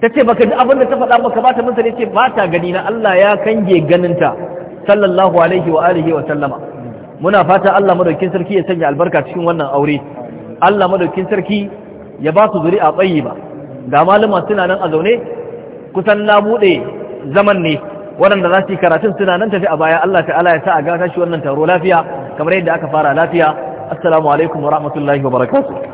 ta ce baka ji abin da ta faɗa maka ba ta masa ce ba ta gani na Allah ya kange ganinta sallallahu alaihi wa alihi wa sallama muna fata Allah madaukin sarki ya sanya albarka cikin wannan aure Allah madaukin sarki ya ba su zuri'a ba ga malama suna nan a zaune kusan na bude zaman ne waɗanda za su yi karatun suna nan tafi a baya Allah ta'ala ya sa a gata shi wannan taro lafiya kamar yadda aka fara lafiya assalamu alaikum wa rahmatullahi wa barakatuh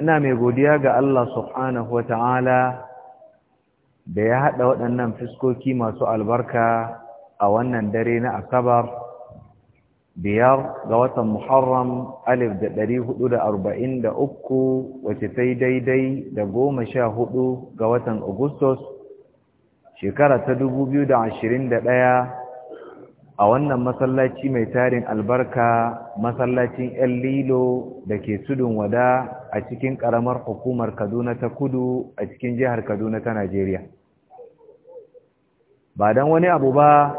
ina mai godiya ga Allah subhanahu wa da ya haɗa waɗannan fuskoki masu albarka a wannan dare na asabar biyar ga watan muharram alif da ɗari hudu da arba'in da uku wace sai daidai da goma sha hudu ga watan agustus shekara ta dubu biyu da ashirin da ɗaya a wannan masallaci mai tarin albarka masallacin yan lilo da ke tudun wada a cikin ƙaramar hukumar Kaduna ta kudu a cikin jihar Kaduna ta Najeriya. Ba don wani abu ba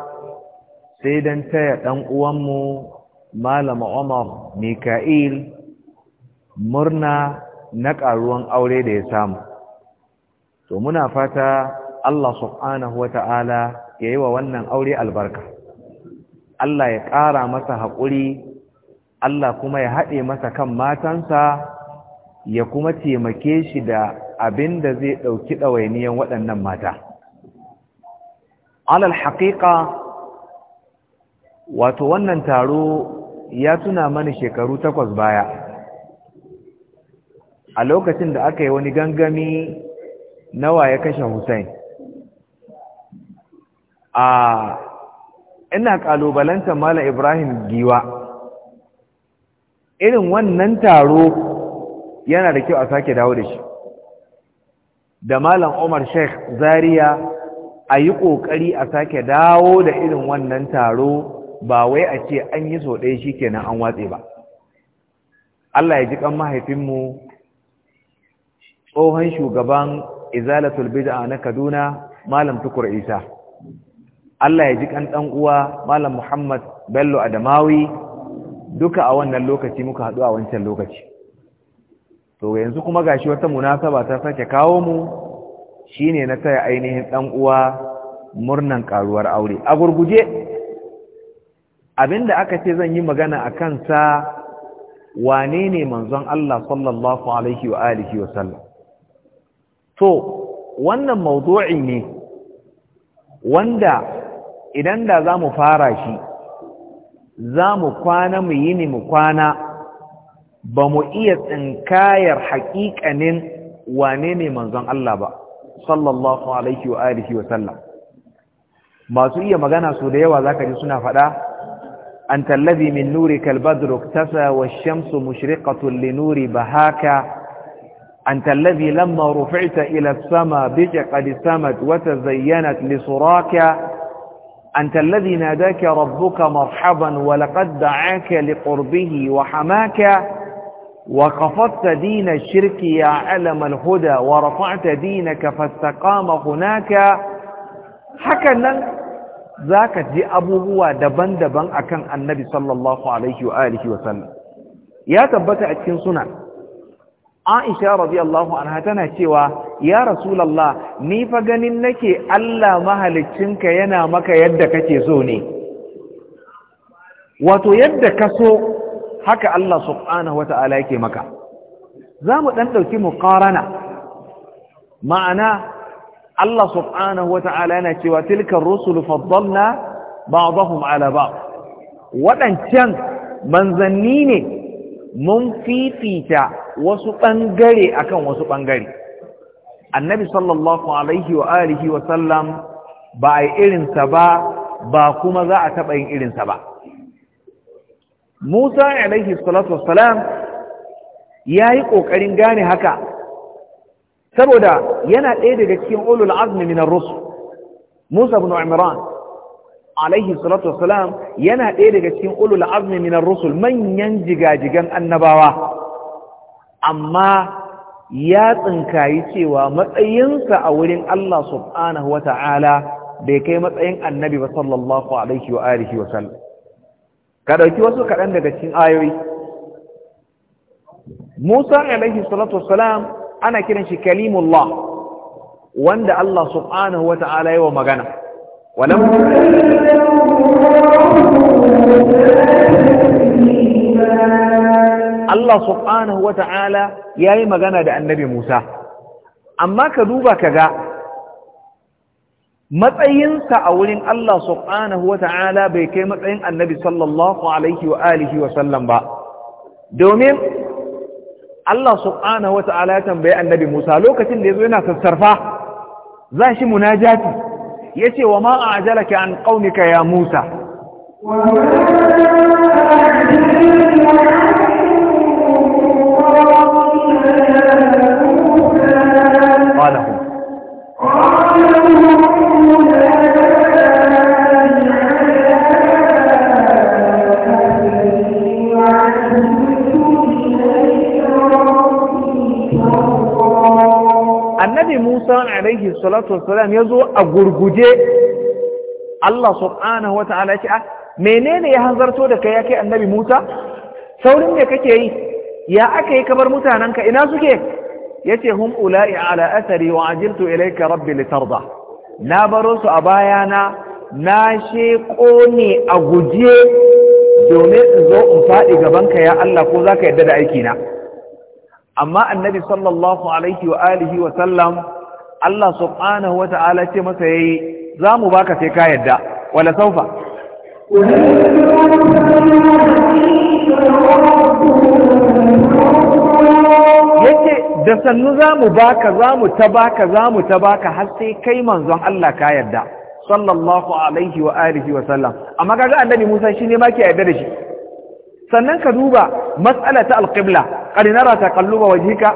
sai don taya ɗan uwanmu Malama Omar Mika'il murna na ƙaruwan aure da ya samu. To muna fata Allah subhanahu wa ta'ala ya yi wa wannan aure albarka. Allah ya ƙara masa haƙuri, Allah kuma ya haɗe masa kan matansa ya kuma taimake shi da abin da zai ɗauki ɗawainiyan waɗannan mata alal haƙiƙa wato wannan taro ya tuna mani shekaru takwas baya a lokacin da aka yi wani gangami nawa ya kashe Hussein a ina ƙalubalanta Malam Ibrahim Giwa irin wannan taro yana da kyau a sake dawo da shi da malam umar sheikh zaria a yi ƙoƙari a sake dawo da irin wannan taro ba wai a ce an yi so ɗaya shi kenan an watse ba allah ya ji kan mahaifinmu tsohon shugaban izalatul bid'a na kaduna malam tukur isa allah ya ji kan ɗan uwa malam muhammad bello adamawi duka a wannan lokaci muka haɗu a wancan lokaci to yanzu kuma gashi wata munasaba ta sake kawo mu shine na taya ainihin dan uwa murnan karuwar aure a gurguje abinda aka ce zan yi magana a kansa wane ne manzon Allah sallallahu alaihi wa alihi wa sallam to wannan mawdu'i ne wanda idan da zamu fara shi zamu kwana mu yi ne mu kwana ba mu iya tsinkayar haƙiƙanin wane ne manzon Allah ba sallallahu alaihi wa alihi wa sallam masu iya magana su da yawa zaka ji suna fada anta allazi min nurika al-badr iktasa wash-shamsu mushriqatun li nuri bahaka lamma أنت الذي لما رفعت إلى السماء بك قد سمت وتزينت لصراك أنت الذي ناداك ربك مرحبا ولقد دعاك لقربه وحماك وقفضت دين الشرك يا علم الهدى ورفعت دينك فاستقام هناك هكذا ذاك جي أبوه دبن دبن أكن النبي صلى الله عليه وآله وسلم يا تبت أتكن سنة عائشة رضي الله عنها تنهشوا يا رسول الله نيفا غنينك ألا مهلكشنك ينامك يدك تزوني وتيدك سوء haka Allah subhanahu wata'ala yake maka za mu ɗan ɗauki muƙarana ma'ana Allah subhanahu wata'ala yana cewa tilkar rusul faddalna ba'dahum ala ba waɗancan manzanni ne mun fifita wasu ɓangare akan wasu ɓangare annabi sallallahu alaihi wa alihi wa sallam ba a irinsa ba ba kuma za a taɓa yin irinsa ba Musa alaihi salatu wassalam ya yi ƙoƙarin gane haka saboda yana ɗaya daga cikin ulul azmi min ar Musa bin Imran alaihi salatu wassalam yana ɗaya daga cikin ulul azmi min ar manyan jigajigan annabawa amma ya tsinkayi cewa matsayinsa a wurin Allah subhanahu ta'ala bai kai matsayin annabi ba sallallahu alaihi wa alihi wa sallam ka ɗauki wasu kaɗan daga cikin ayoyi Musa alaihi salatu wassalam ana kiran shi kalimullah wanda Allah subhanahu wata'ala wa magana walam Allah subhanahu ya yi magana da annabi Musa amma ka duba ka ga. matsayinsa a wurin Allah subhanahu wa ta'ala bai kai matsayin annabi sallallahu alaihi wa alihi wa sallam ba domin Allah subhanahu wa ta'ala ya tambayi annabi Musa lokacin da ya zo yana sassarfa za shi munajati ya ce wa ma ajalaka an ƙaunika ya Musa Thank you. annabi musa alaihi salatu wassalam ya zo a gurguje Allah subhanahu wata'ala ce a ah, menene ya hanzarto da kai ya kai annabi musa saurin me kake yi ya aka yi kamar mutanenka ina suke yace hum ula'i ala athari wa ajiltu ilayka rabbi litarda na baro su a bayana na sheƙo ne a guje domin in zo in faɗi gabanka ya Allah ko za ka yadda da aikina amma annabi sallallahu alaihi wa alihi wa sallam Allah subhanahu wa ta'ala ce masa yayi za mu baka sai ka yadda wala saufa yake da sannu za mu baka za mu ta baka za mu ta baka har sai kai manzon Allah ka yadda sallallahu alaihi wa alihi wa sallam amma kaga annabi Musa shine ma ke yadda da shi sannan ka duba matsala ta alƙibla ƙari nara ta kalluba wajika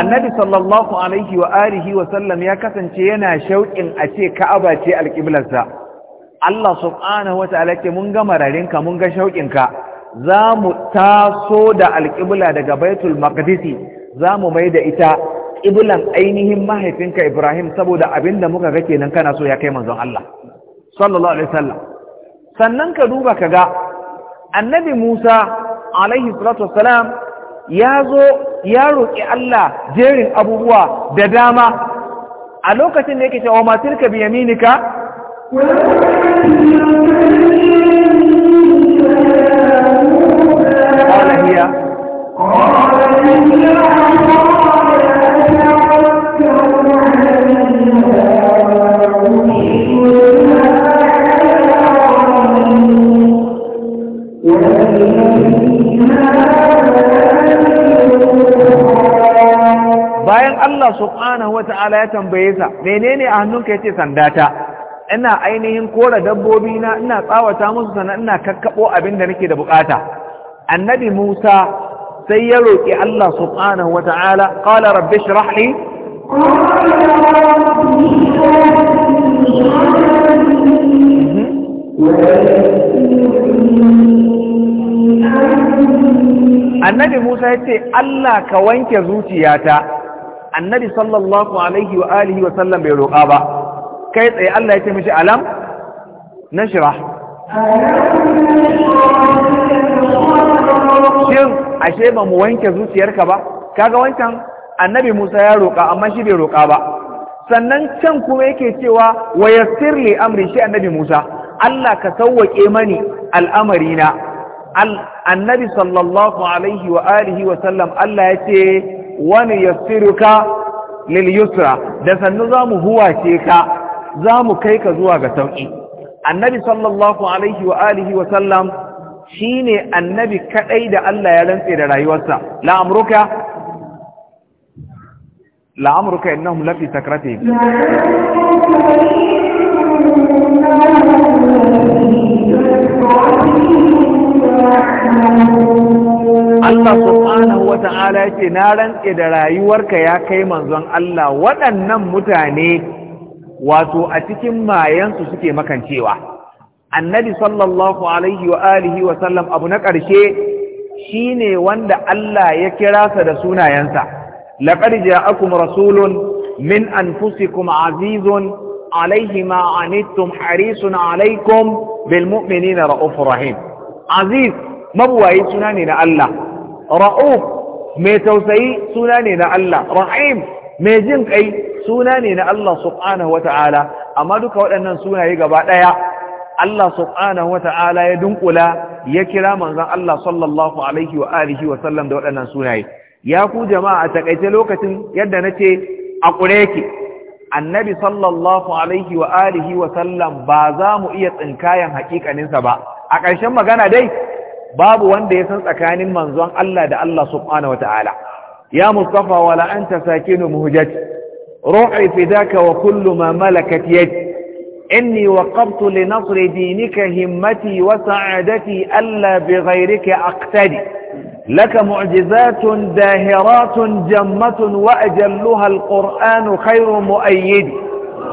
annabi sallallahu alaihi wa alihi wa sallam ya kasance yana shauƙin a ce ka'aba ce alƙiblarsa Allah subhanahu wa ta'ala ce mun ga mararinka mun ga shauƙinka za mu taso da alƙibla daga baitul maqdisi za mu mai da ita ƙiblan ainihin mahaifinka Ibrahim saboda abin da muka ga kenan kana so ya kai manzon Allah sallallahu alaihi wasallam sannan ka duba ka ga annabi Musa alaihi salatu wassalam ya zo ya roƙi Allah jerin abubuwa da dama a lokacin da yake cewa ma tilka bi yaminika bayan Allah subhanahu wa ta'ala ya tambaye sa menene a hannunka yace sandata ina ainihin kora dabbobi na ina tsawata musu sannan ina kakkabo abin da nake da bukata annabi Musa sai ya roki Allah subhanahu wata'ala qala rabbi shrah li annabi Musa ya ce Allah ka wanke zuciyata annabi sallallahu alaihi wa alihi wa sallam bai roka ba kai tsaye Allah ya ce mishi alam nashra shin ashe ba mu wanke zuciyarka ba kaga wancan annabi Musa ya roƙa amma shi bai roƙa ba sannan can kuma yake cewa wa yassir li amri shi annabi Musa Allah ka sauwake mani al'amarina annabi sallallahu alaihi wa alihi wa sallam Allah ya ce wani yassiruka lil yusra da sannu za mu huwace ka za mu kai ka zuwa ga sauƙi annabi sallallahu alaihi wa alihi wa sallam shine annabi kadai da Allah ya rantsa da rayuwarsa la amruka la amruka innahum lafi sakratihim Allah subhanahu wa ta'ala ce na rantsa da rayuwarka ya kai manzon Allah waɗannan mutane wato a cikin mayansu suke makancewa annabi sallallahu alaihi wa alihi wa sallam abu na ƙarshe shine wanda Allah ya kira sa da sunayensa laqad ja'akum rasulun min anfusikum azizun alaihi ma anittum harisun alaikum bil mu'minina rahim aziz mabuwayi suna ne na Allah ra'uf mai tausayi suna ne na Allah rahim mai jin kai suna ne na Allah subhanahu wata'ala amma duka waɗannan sunaye gaba ɗaya Allah subhanahu wata'ala ya dunkula ya kira manzon Allah sallallahu alaihi wa alihi wa sallam da waɗannan sunaye ya ku jama'a a takaice lokacin yadda nace a ƙure yake annabi sallallahu alaihi wa alihi wa sallam ba za mu iya tsinkayan hakikaninsa ba a ƙarshen magana dai babu wanda ya san tsakanin manzon Allah da Allah subhanahu wata'ala يا مصطفى ولا أنت ساكن مهجتي روحي فداك وكل ما ملكت يدي إني وقبت لنصر دينك همتي وسعادتي ألا بغيرك أقتدي لك معجزات داهرات جمة وأجلها القرآن خير مؤيد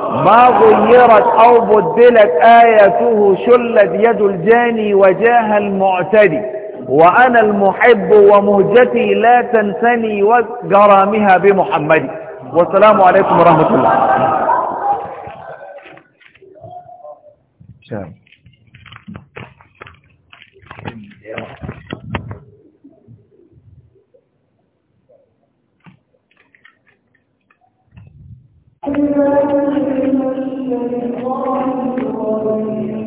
ما غيرت أو بدلت آياته شلت يد الجاني وجاه المعتدي وأنا المحب ومهجتي لا تنسني وجرامها بمحمد والسلام عليكم ورحمة الله شام Thank you.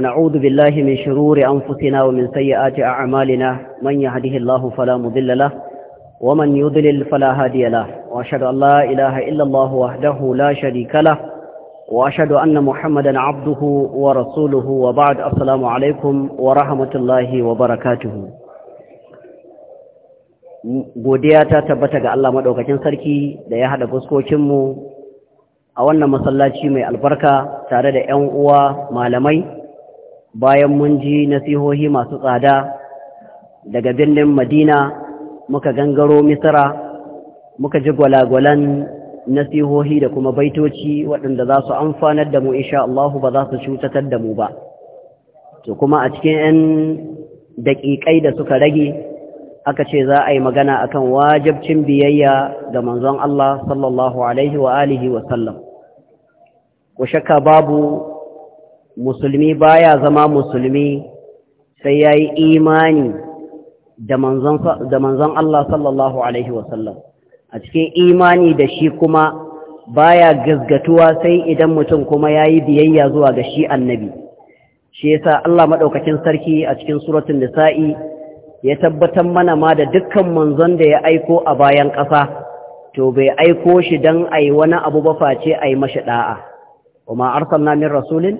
ونعوذ بالله من شرور أنفسنا ومن سيئات أعمالنا من يهده الله فلا مضل له ومن يضلل فلا هادي له وأشهد أن لا إله إلا الله وحده لا شريك له وأشهد أن محمدا عبده ورسوله وبعد السلام عليكم ورحمة الله وبركاته godiya ta tabbata ga Allah maɗaukacin sarki da ya haɗa fuskokinmu a wannan masallaci mai albarka tare da 'yan uwa malamai bayan mun ji nasihohi masu tsada daga birnin madina muka gangaro misira muka ji gwalagwalan nasihohi da kuma baitoci waɗanda za su amfanar da mu insha Allahu ba za su cutatar da mu ba to kuma a cikin 'yan daƙiƙai da suka rage aka ce za a yi magana akan wajabcin biyayya ga manzon Allah sallallahu alaihi wa alihi wa sallam shakka babu musulmi baya zama musulmi sai ya yi imani da manzon Allah sallallahu Alaihi wasallam a cikin imani da shi kuma baya gazgatuwa sai idan mutum kuma ya yi biyayya zuwa ga shi annabi shi yasa Allah maɗaukakin sarki a cikin suratun nisa'i ya tabbatar mana ma da dukkan manzon da ya aiko a bayan ƙasa to bai aiko shi don a wani abu ba face a yi mashi ɗa'a kuma arsalna min rasulin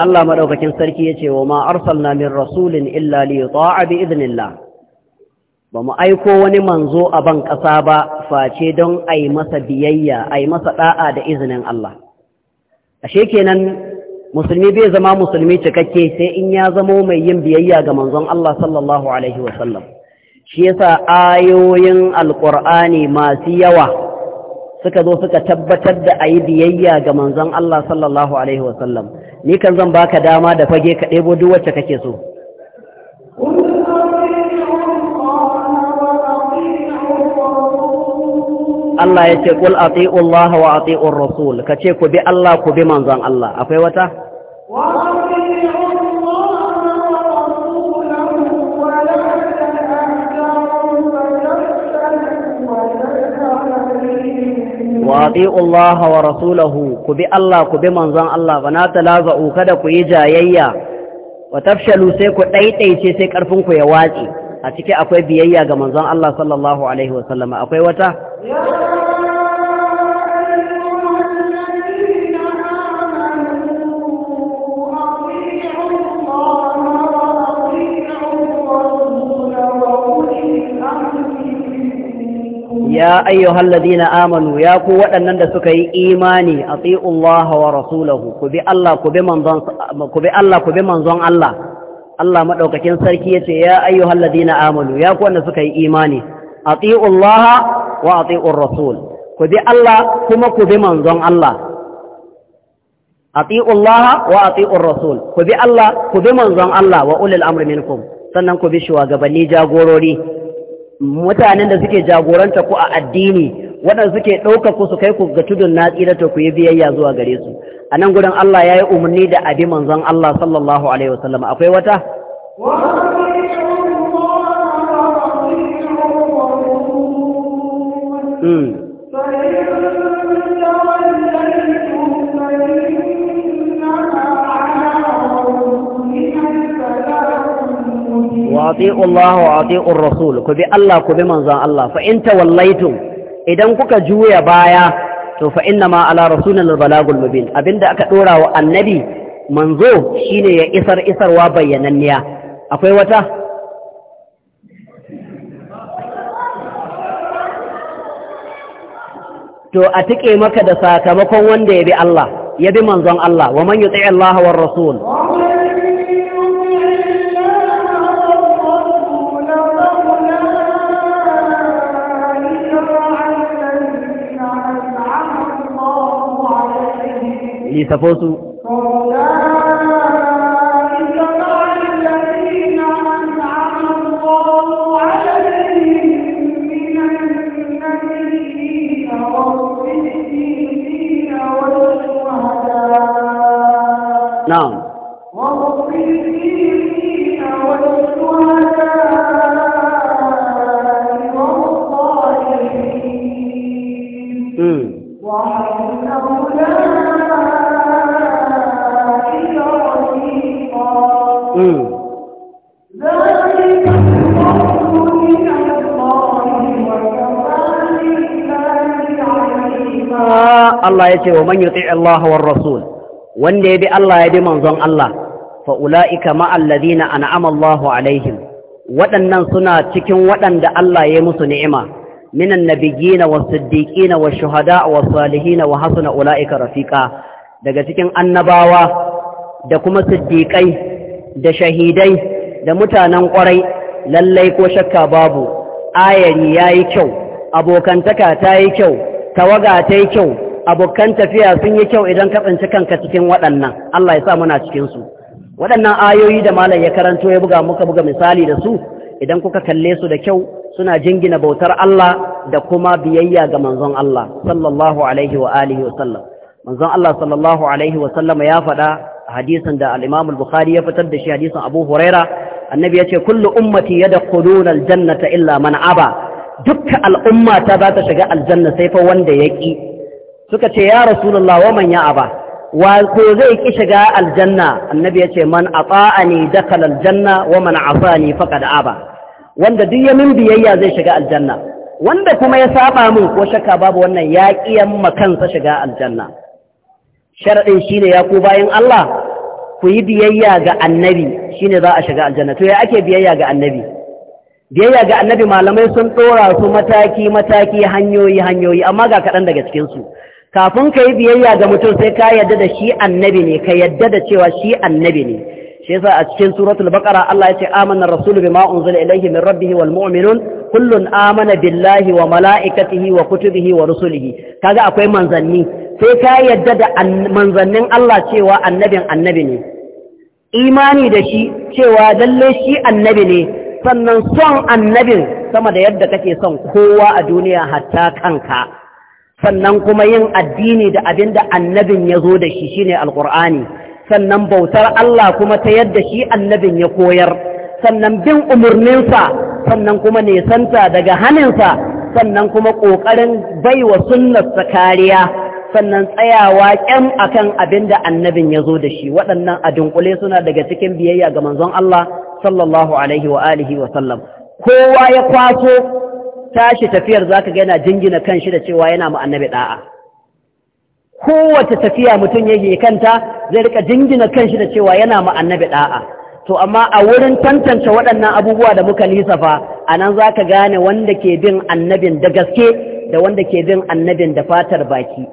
Allah madaukakin sarki yace wa ma arsalna min rasulin illa li yuta'a bi idnillah ba mu aiko wani manzo a ban kasa ba face don ai masa biyayya ai masa da'a da izinin Allah ashe kenan musulmi bai zama musulmi cikakke sai in ya zamo mai yin biyayya ga manzon Allah sallallahu alaihi wasallam shi yasa ayoyin alqur'ani masu yawa suka zo suka tabbatar da ayi biyayya ga manzon Allah sallallahu alaihi wasallam ni kan zan baka dama da fage ka ɗebo duk wacce kake so Allah ya ce kul ati'u Allah wa ati'ur rasul ka ce ku bi Allah ku bi manzon Allah akwai wata wa ati'u Allah wa rasulahu ku bi Allah ku bi manzon Allah bana talaza'u kada ku yi jayayya wa tafshalu sai ku daidaice sai ƙarfinku ya watsi a ciki akwai biyayya ga manzon Allah sallallahu alaihi wasallama akwai wata يا أيها الذين آمنوا يا قوة أننا سكي إيماني أطيعوا الله ورسوله كبي الله كبي منظن كبي الله كبي منظن الله الله مدوكاكين سركية يا أيها الذين آمنوا يا قوة أننا سكي إيماني أطيعوا الله وأطيعوا الرسول كبي الله كما كبي منظن الله أطيعوا الله وأطيعوا الرسول كبي الله كبي منظن الله وأولي الأمر منكم sannan ku bi shugabanni jagorori mutanen da suke jagoranta ku a addini waɗanda suke ɗauka ku su kai ku ga tudun na tsira to ku yi biyayya zuwa gare su a nan gudun Allah ya yi umarni da abi manzon Allah sallallahu alaihi wasallam akwai wata Hmm. wa ati'u Allah wa ati'u Rasul ku bi Allah ku bi manzon Allah fa in idan kuka juya baya to fa inna ma ala rasulina balagul mubin abinda aka ɗora wa annabi manzo shine ya isar isarwa bayyananniya akwai wata to a tike maka da sakamakon wanda ya bi Allah ya bi manzon Allah wa man yuti'i Allah war rasul isafo su Allah ya ce wa man yuti Allah war rasul wanda ya bi Allah ya bi manzon Allah fa ulaika ma alladhina an'ama Allahu alaihim waɗannan suna cikin waɗanda Allah ya musu ni'ima minan siddiki na siddiqina was shuhada was na wa hasuna ulaika rafiqa daga cikin annabawa da kuma siddiqai da shahidai da mutanen ƙwarai lallai ko shakka babu ayari yayi kyau abokantaka ta yi kyau tawaga ta yi kyau abokan tafiya sun yi kyau idan ka tsinci kanka cikin waɗannan Allah ya sa muna cikinsu waɗannan ayoyi da malam ya karanto ya buga muka buga misali da su idan kuka kalle su da kyau suna jingina bautar Allah da kuma biyayya ga manzon Allah sallallahu alaihi wa alihi wa sallam manzon Allah sallallahu alaihi wa sallam ya faɗa hadisin da al-Imam al-Bukhari ya fitar da shi hadisin Abu Huraira annabi ya ce kullu ummati yadkhuluna al-jannata illa man aba dukkan al'umma ta za ta shiga aljanna sai fa wanda ya ki suka ce ya rasulullah wa man ya aba wa ko zai ki shiga aljanna annabi ya ce man ata'ani dakal aljanna wa man afani faqad aba wanda duk ya min biyayya zai shiga aljanna wanda kuma ya saba min ko shakka babu wannan ya kiyan makansa shiga aljanna sharadin shine ya ku bayan Allah ku yi biyayya ga annabi shine za a shiga aljanna to ya ake biyayya ga annabi biyayya ga annabi malamai sun dora su mataki mataki hanyoyi hanyoyi amma ga kaɗan daga cikin su kafin ka yi biyayya ga mutum sai ka yadda da shi annabi ne ka yadda da cewa shi annabi ne shi yasa a cikin suratul baqara Allah ya ce amana rasulu bima unzila ilayhi min rabbih wal mu'minun kullun amana billahi wa malaikatihi wa kutubihi wa rusulihi kaga akwai manzanni sai ka yadda da manzannin Allah cewa annabin annabi ne imani da shi cewa lalle shi annabi ne sannan son annabin sama da yadda kake son kowa a duniya hatta kanka sannan kuma yin addini da abin da annabin ya zo da shi shine alqur'ani sannan bautar Allah kuma ta yadda shi annabin ya koyar sannan bin umarninsa sannan kuma nesanta daga haninsa sannan kuma ƙoƙarin baiwa sunnarsa kariya sannan tsayawa ƙyam akan abin da annabin ya zo da shi waɗannan a dunkule suna daga cikin biyayya ga manzon Allah sallallahu alaihi wa alihi wa sallam kowa ya kwaso tashi tafiyar za ka yana jingina kan shi da cewa yana mu annabi ɗa'a kowace tafiya mutum yake kanta zai rika jingina kan shi da cewa yana mu annabi ɗa'a to amma a wurin tantance waɗannan abubuwa da muka lisafa a nan za ka gane wanda ke bin annabin da gaske da wanda ke bin annabin da fatar baki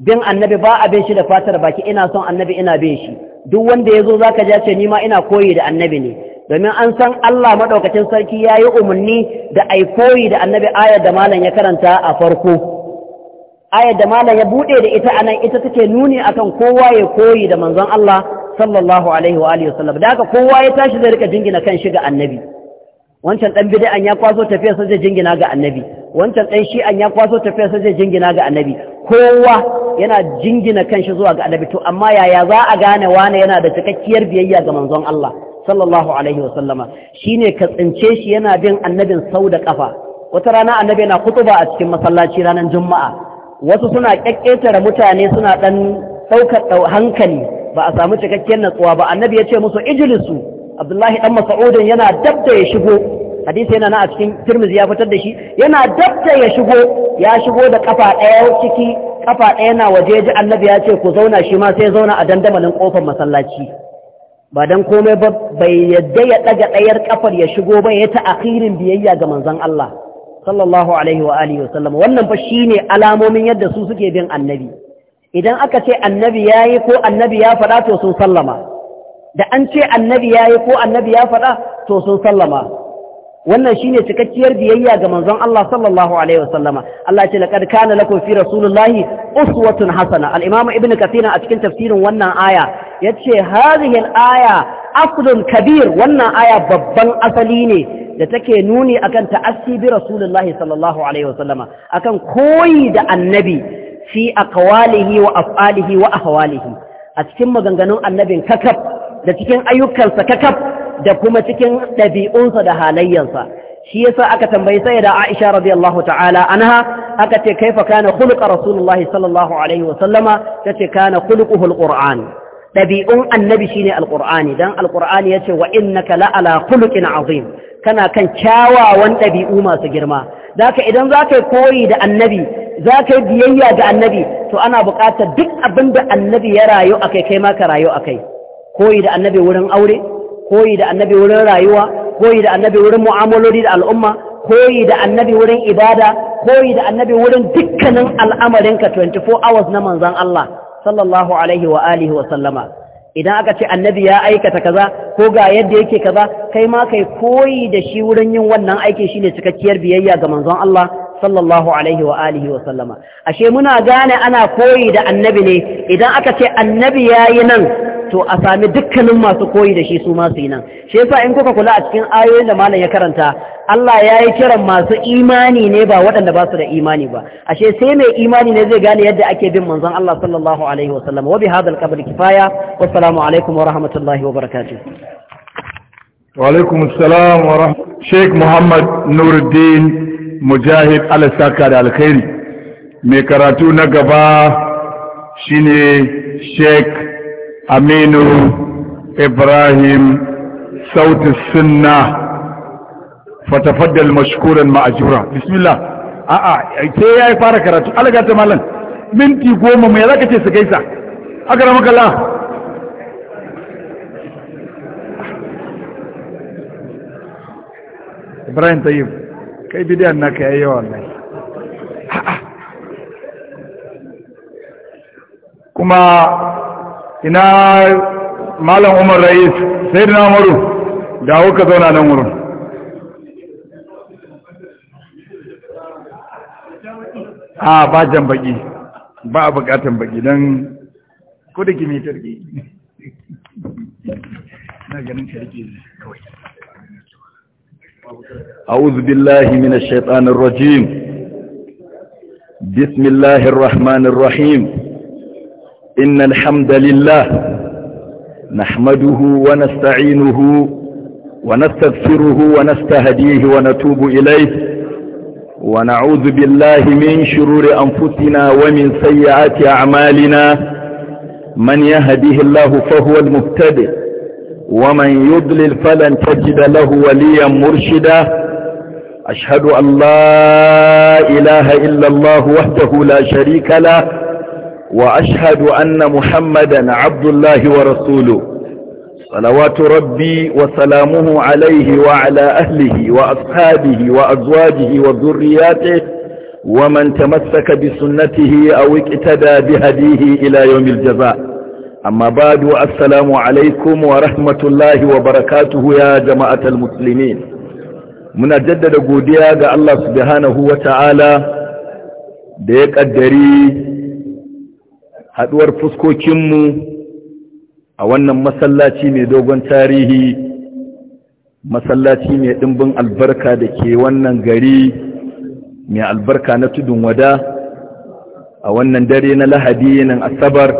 bin annabi ba a bin shi da fatar baki ina son annabi ina bin shi duk wanda ya zo za ka jace ce ni ma ina koyi da annabi ne domin an san Allah maɗaukacin sarki ya yi umarni da aikoyi da annabi ayar da malam ya karanta a farko ayar da malam ya buɗe da ita anan ita take nuni akan kowa ya koyi da manzon Allah sallallahu alaihi wa alihi wasallam da aka kowa ya tashi zai rika jingina kan shi ga annabi wancan dan bid'an ya kwaso tafiya sai zai jingina ga annabi wancan dan an ya kwaso tafiya sai zai jingina ga annabi kowa yana jingina kan shi zuwa ga annabi to amma yaya za a gane wane yana da cikakkiyar biyayya ga manzon Allah sallallahu alaihi wasallama shine ka tsince shi yana bin annabin sau da kafa wata rana annabi yana kutuba a cikin masallaci ranar juma'a wasu suna kyakketare mutane suna dan daukar hankali ba a samu cikakken natsuwa ba annabi ya ce musu ijlisu abdullahi dan mas'udin yana dabda ya shigo hadisi yana na a cikin tirmizi ya fitar da shi yana dabta ya shigo ya shigo da kafa daya ciki kafa daya na waje ji annabi ya ce ku zauna shi ma sai zauna a dandamalin kofar masallaci ba dan komai ba bai yadda ya ɗaga ɗayar kafar ya shigo ba ya ta akhirin biyayya ga manzon Allah sallallahu alaihi wa alihi wasallam wannan fa shine alamomin yadda su suke bin annabi idan aka ce annabi yayi ko annabi ya faɗa to sun sallama da an ce annabi yayi ko annabi ya faɗa to sun sallama wannan shine cikakkiyar biyayya ga manzon Allah sallallahu alaihi wasallama Allah ce laqad kana lakum fi rasulillahi uswatun hasana al-imam ibn kathir a cikin tafsirin wannan aya yace hadhihi al-aya aslun kabir wannan aya babban asali ne da take nuni akan ta'assi bi rasulillahi sallallahu alaihi wasallama akan koyi da annabi fi aqwalihi wa af'alihi wa ahwalihi a cikin maganganun annabin kakab da cikin ayyukansa kakab. da kuma cikin ɗabi'unsa da halayyansa shi yasa aka tambayi sai da Aisha radiyallahu ta'ala anha aka ce kaifa kana khuluqa rasulullahi sallallahu alaihi wa sallama tace kana khuluquhu alquran ɗabi'un annabi shine alqurani dan alqurani yace wa innaka la ala khuluqin azim kana kan kyawawan ɗabi'u masu girma zaka idan zaka yi koyi da annabi zaka yi biyayya ga annabi to ana buƙatar duk abinda annabi ya rayu akai kai ma ka rayu akai koyi da annabi wurin aure koyi da annabi wurin rayuwa koyi da annabi wurin mu'amaloli da al'umma koyi da annabi wurin ibada koyi da annabi wurin dukkanin al'amarinka 24 hours na manzan Allah sallallahu alaihi wa alihi wa sallama idan aka ce annabi ya aikata kaza ko ga yadda yake kaza kai ma kai koyi da shi wurin yin wannan aikin shine cikakkiyar biyayya ga manzon Allah sallallahu alaihi wa alihi wa sallama ashe muna gane ana koyi da annabi ne idan aka ce annabi yayi nan to a sami dukkanin masu koyi da shi su masu yi nan shi yasa in kuka kula a cikin ayoyin da malam ya karanta Allah ya yi kiran masu imani ne ba waɗanda ba su da imani ba ashe sai mai imani ne zai gane yadda ake bin manzon Allah sallallahu alaihi sallam. wa bi hadal qabr kifaya wassalamu alaikum wa rahmatullahi wa barakatuh wa alaikum assalam wa Sheikh Muhammad Nuruddin Mujahid Al-Saka da Alkhairi mai karatu na gaba shine Sheikh aminu ibrahim sautin sunna fatafaddal mashkuran ma'ajura bismillah a'a ke ya fara karatu alaga ta minti goma mai za ka ce su gaisa aka rama ibrahim tayyib kai bidiyan a'a kuma ina malam umar rais sai da umaru da ka zauna nan wurin a ba jan baki ba a bukatan baki don kudu gini turki na ganin turki kawai أعوذ بالله من الشيطان الرجيم بسم الله الرحمن الرحيم إن الحمد لله نحمده ونستعينه ونستغفره ونستهديه ونتوب إليه ونعوذ بالله من شرور أنفسنا ومن سيئات أعمالنا من يهديه الله فهو المهتد ومن يضلل فلن تجد له وليا مرشدا أشهد أن لا إله إلا الله وحده لا شريك له وأشهد أن محمدا عبد الله ورسوله صلوات ربي وسلامه عليه وعلى أهله وأصحابه وأزواجه وذرياته ومن تمسك بسنته أو اقتدى بهديه إلى يوم الجزاء أما بعد السلام عليكم ورحمة الله وبركاته يا جماعة المسلمين من جدد godiya الله سبحانه وتعالى ديك الدريد haɗuwar fuskokinmu a wannan masallaci mai dogon tarihi masallaci mai ɗimbin albarka da ke wannan gari mai albarka na tudun wada a wannan dare na lahadi nan asabar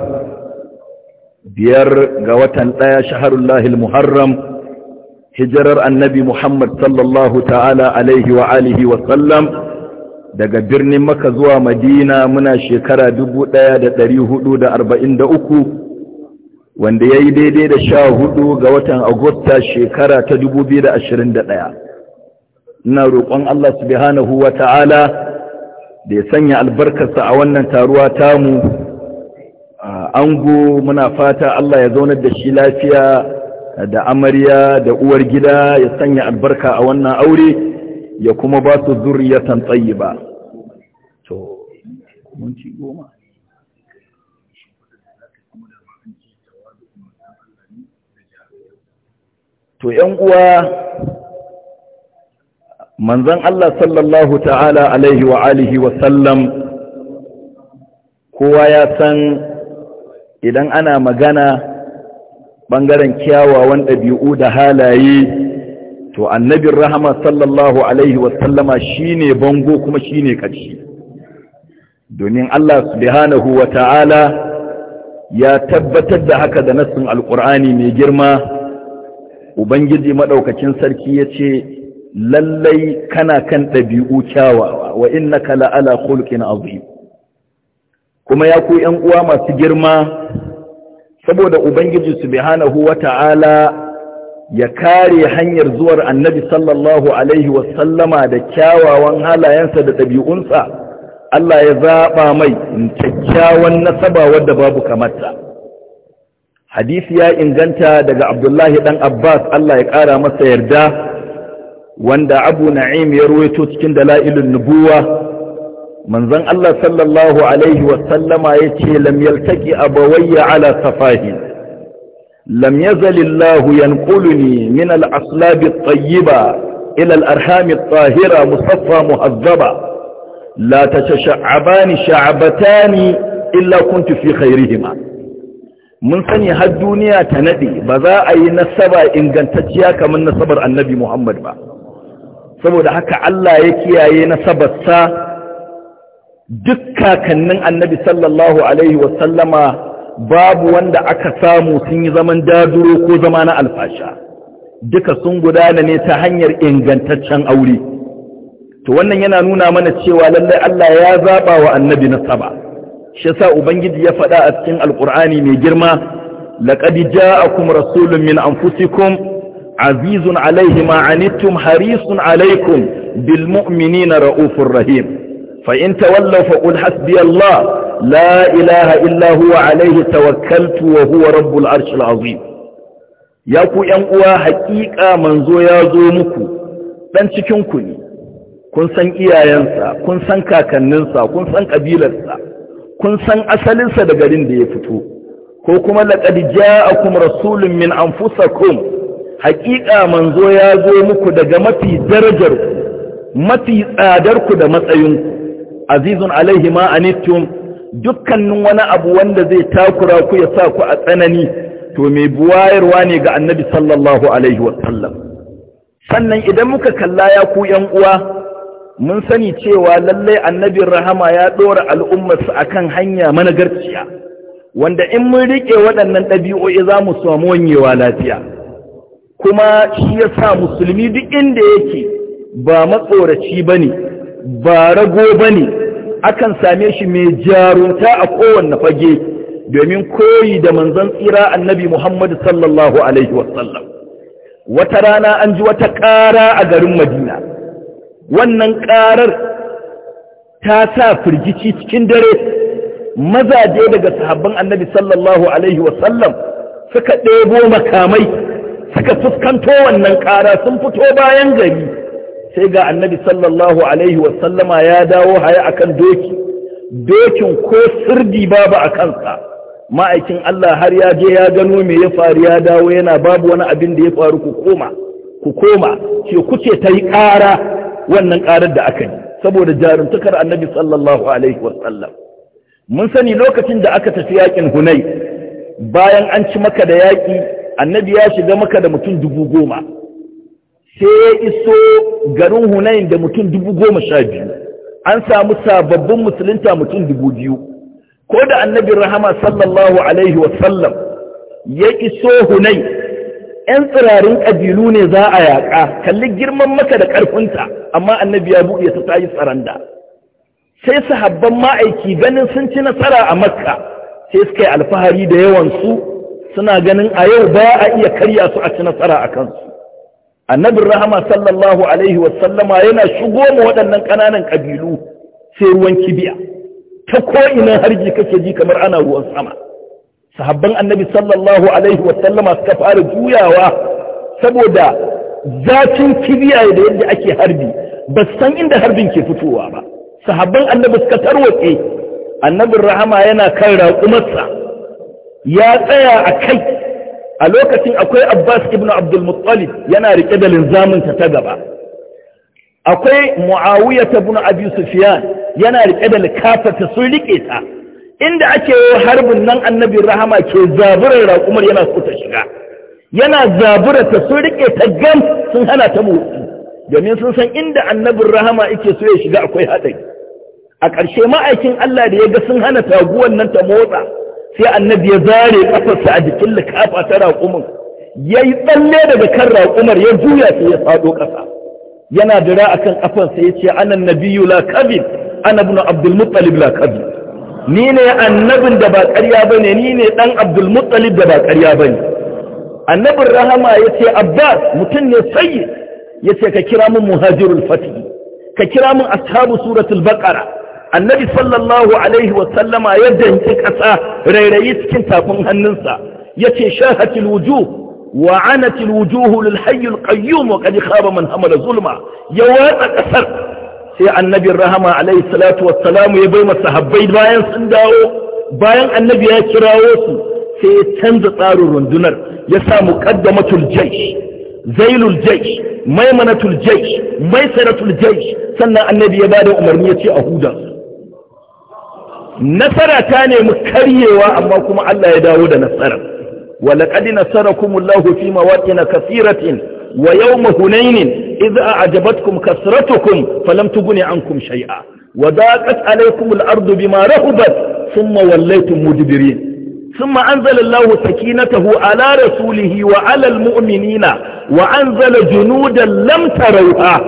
biyar ga watan ɗaya shaharullahil muharram hijirar annabi muhammad sallallahu ta'ala alaihi wa alihi wasallam daga birnin maka zuwa madina muna shekara ɗaya uku, wanda ya yi daidai da sha hudu ga watan agusta shekara ta ɗaya. ina roƙon Allah subhanahu wa ta'ala da ya sanya albarkarsa a wannan taruwa tamu ango muna fata Allah ya zaunar da shi lafiya da amarya da uwar gida ya sanya albarka a wannan aure ya kuma ba su tsayi ba to mun goma to ‘yan uwa manzan Allah sallallahu ta'ala alaihi wa alihi wa sallam kowa ya san idan ana magana ɓangaren kyawawan ɗabi'u da halaye to annabin rahama sallallahu alaihi wasallama shine bango kuma shine ƙarshe domin Allah subhanahu wa ta'ala ya tabbatar da haka da nassin alƙur'ani mai girma ubangiji maɗaukacin sarki ya ce lallai kana kan ɗabi'u kyawawa wa kala la'ala kulkin azim kuma ya ku yan uwa masu girma saboda ubangiji subhanahu ya kare hanyar zuwar annabi sallallahu alaihi wasallama da kyawawan halayensa da ɗabi'unsa Allah ya zaɓa mai kyakkyawan nasaba wadda babu kamata hadisi ya inganta daga abdullahi ɗan abbas Allah ya ƙara masa yarda wanda abu na'im ya ruwaito cikin dala'ilun nubuwa manzon Allah sallallahu alaihi wasallama ya ce lam yaltaki abawayya ala safahin lam yazalillahu yanquluni min al-aslab at-tayyiba ila al-arham at-tahira musaffa muhazzaba la tashash'abani sha'batani illa kuntu fi mun sani har duniya ta nade ba za a yi nasaba ingantacciya kamar nasabar annabi Muhammad ba saboda haka Allah ya kiyaye nasabarsa duk kakannin annabi sallallahu alaihi wasallama babu wanda aka samu sun yi zaman daduro ko zama na alfasha duka sun gudana ne ta hanyar ingantaccen aure to wannan yana nuna mana cewa lallai Allah ya zaba wa annabi na saba shi yasa ubangiji ya faɗa a cikin alkur'ani mai girma laqad ja'akum rasulun min anfusikum azizun alayhi ma anittum harisun alaykum bil mu'minina raufur rahim fa in tawallaw fa qul hasbiyallah la alaihi illa huwa wa huwa rabbul arshil azim ya ku yan uwa haƙiƙa manzo ya zo muku dan cikin ku ne kun san iyayensa kun san kakanninsa kun san kabilarsa kun san asalinsa da garin da ya fito ko kuma laqad ja'akum rasulun min anfusakum Haƙiƙa manzo ya zo muku daga mafi darajar mafi tsadar ku da matsayinku azizun alaihi ma anittum dukkanin wani abu wanda zai takura ku ya sa ku a tsanani to mai buwayarwa ne ga annabi sallallahu alaihi wasallam sannan idan muka kalla ya ku yan uwa mun sani cewa lallai annabin rahama ya ɗora al'ummarsa kan hanya managarciya wanda in mun riƙe waɗannan ɗabi'o'i za mu samu wanyewa lafiya kuma shi ya sa musulmi duk inda yake ba matsoraci ba ne ba rago ba ne akan same shi mai jarunta a kowanne fage domin koyi da manzon tsira annabi Muhammad sallallahu Alaihi wasallam wata rana an ji wata ƙara a garin Madina wannan ƙarar ta sa firgici cikin dare mazaje daga sahabban annabi sallallahu Alaihi wasallam suka ɗebo makamai suka fuskanto wannan ƙara sun fito bayan gari sai ga annabi sallallahu alaihi wasallama ya dawo haya akan doki dokin ko sirdi babu a kansa ma'aikin Allah har ya je ya gano me ya faru ya dawo yana babu wani abin da ya faru ku koma ku koma ce kuce ta yi ƙara wannan ƙarar da aka yi saboda jarumtakar annabi sallallahu alaihi wasallam mun sani lokacin da aka tafi yakin hunai bayan an ci maka da yaƙi annabi ya shiga maka da mutum dubu goma sai ya iso garin hunayin da mutum dubu goma sha biyu an samu sababbin musulunta mutum dubu biyu ko da annabin rahama sallallahu alaihi wasallam ya iso hunai ‘yan tsirarin ƙabilu ne za a yaƙa kalli girman maka da ƙarfinta amma annabi ya buɗe ta yi tsaranda sai su habban ma'aiki ganin sun ci nasara a makka sai suka yi alfahari da yawansu suna ganin a yau ba a iya karya su a ci nasara a kansu annabin rahama sallallahu alaihi wasallama yana shigo ma waɗannan ƙananan ƙabilu sai ruwan kibiya ta ko'ina harji kake ji kamar ana ruwan sama sahabban annabi sallallahu alaihi wasallama suka fara juyawa saboda zafin kibiya da yadda ake harbi ba san inda harbin ke fitowa ba sahabban annabi suka tarwatse annabin rahama yana kan raƙumarsa ya tsaya a kai a lokacin akwai Abbas ibn Abdul yana rike da linzamin ta gaba akwai Muawiya bin Abi sufiyan yana rike da ta sun rike ta inda ake harbin nan annabi rahama ke zaburar raƙumar yana so ta shiga yana zabura ta sun rike ta gam sun hana ta motsi domin sun san inda annabin rahama ake so ya shiga akwai haɗari a ƙarshe ma'aikin Allah da ya ga sun hana taguwan nan ta motsa sai annabi ya zare kafarsa a jikin likafa ta raƙumin ya yi tsalle daga kan raƙumar ya juya sai ya faɗo ƙasa yana dira a kan ƙafarsa ya ce anan nabiyu la ana bin abdulmuttalib la ni ne annabin da ba ƙarya ba ne ni ne ɗan abdulmuttalib da ba ƙarya ba ne annabin rahama ya ce abbas mutum ne sayi ya ce ka kira min muhajirul fatih ka kira min ashabu suratul baqara annabi sallallahu alaihi wasallama ya danki ƙasa rairayi cikin tafin hannunsa ya ce shahatil wuju wa anatil wujuhu lil hayyul qayyum wa qad khaba man hamala zulma ya watsa ƙasar sai annabin rahama alaihi salatu wassalamu ya bai masa habbai bayan sun dawo bayan annabi ya kirawo su sai ya canza tsarin rundunar ya sa muqaddamatul jaysh zailul jaysh maimanatul jaysh maisaratul jaysh sannan annabi ya bada umarni ya ce a huda nasara ta nemi karyewa amma kuma Allah ya dawo da nasara wa laqad nasarakumullahu fi mawaqin kathiratin wa yawma hunainin idh a'jabatkum kasratukum falam tughni ankum shai'a. wa daqat alaykum al-ardu bima rahabat thumma wallaytum mudbirin ثم أنزل الله سكينته على رسوله وعلى المؤمنين وأنزل جنودا لم تروها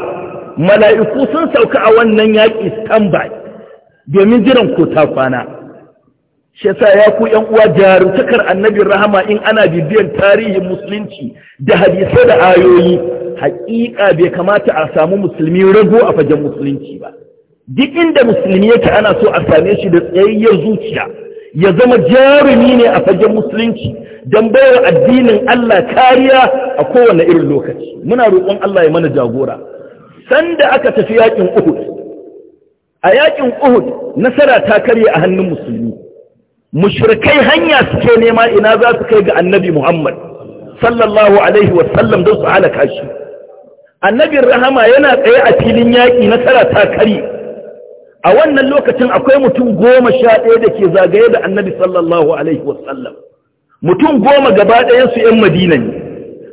ملائكو sun sauka a wannan yaƙi standby domin jiran ko ta kwana shi yasa ya ku yan uwa jarumtakar annabin rahama in ana bibiyan tarihin musulunci da hadisai da ayoyi haƙiƙa bai kamata a samu musulmi rago a fagen musulunci ba duk inda musulmi yake ana so a same shi da tsayayyar zuciya ya zama jarumi ne a fagen musulunci don bayar addinin Allah kariya a kowane irin lokaci muna roƙon Allah ya mana jagora sanda aka tafi yaƙin Uhud a yakin Uhud nasara ta karye a hannun musulmi mushrikai hanya suke nema ina za su kai ga annabi Muhammad sallallahu alaihi wa sallam don su halaka shi annabin rahama yana tsaye a filin yaƙi nasara ta karye a wannan lokacin akwai mutum goma sha ɗaya da ke zagaye da annabi sallallahu alaihi wa sallam mutum goma gaba ɗaya su ‘yan madina ne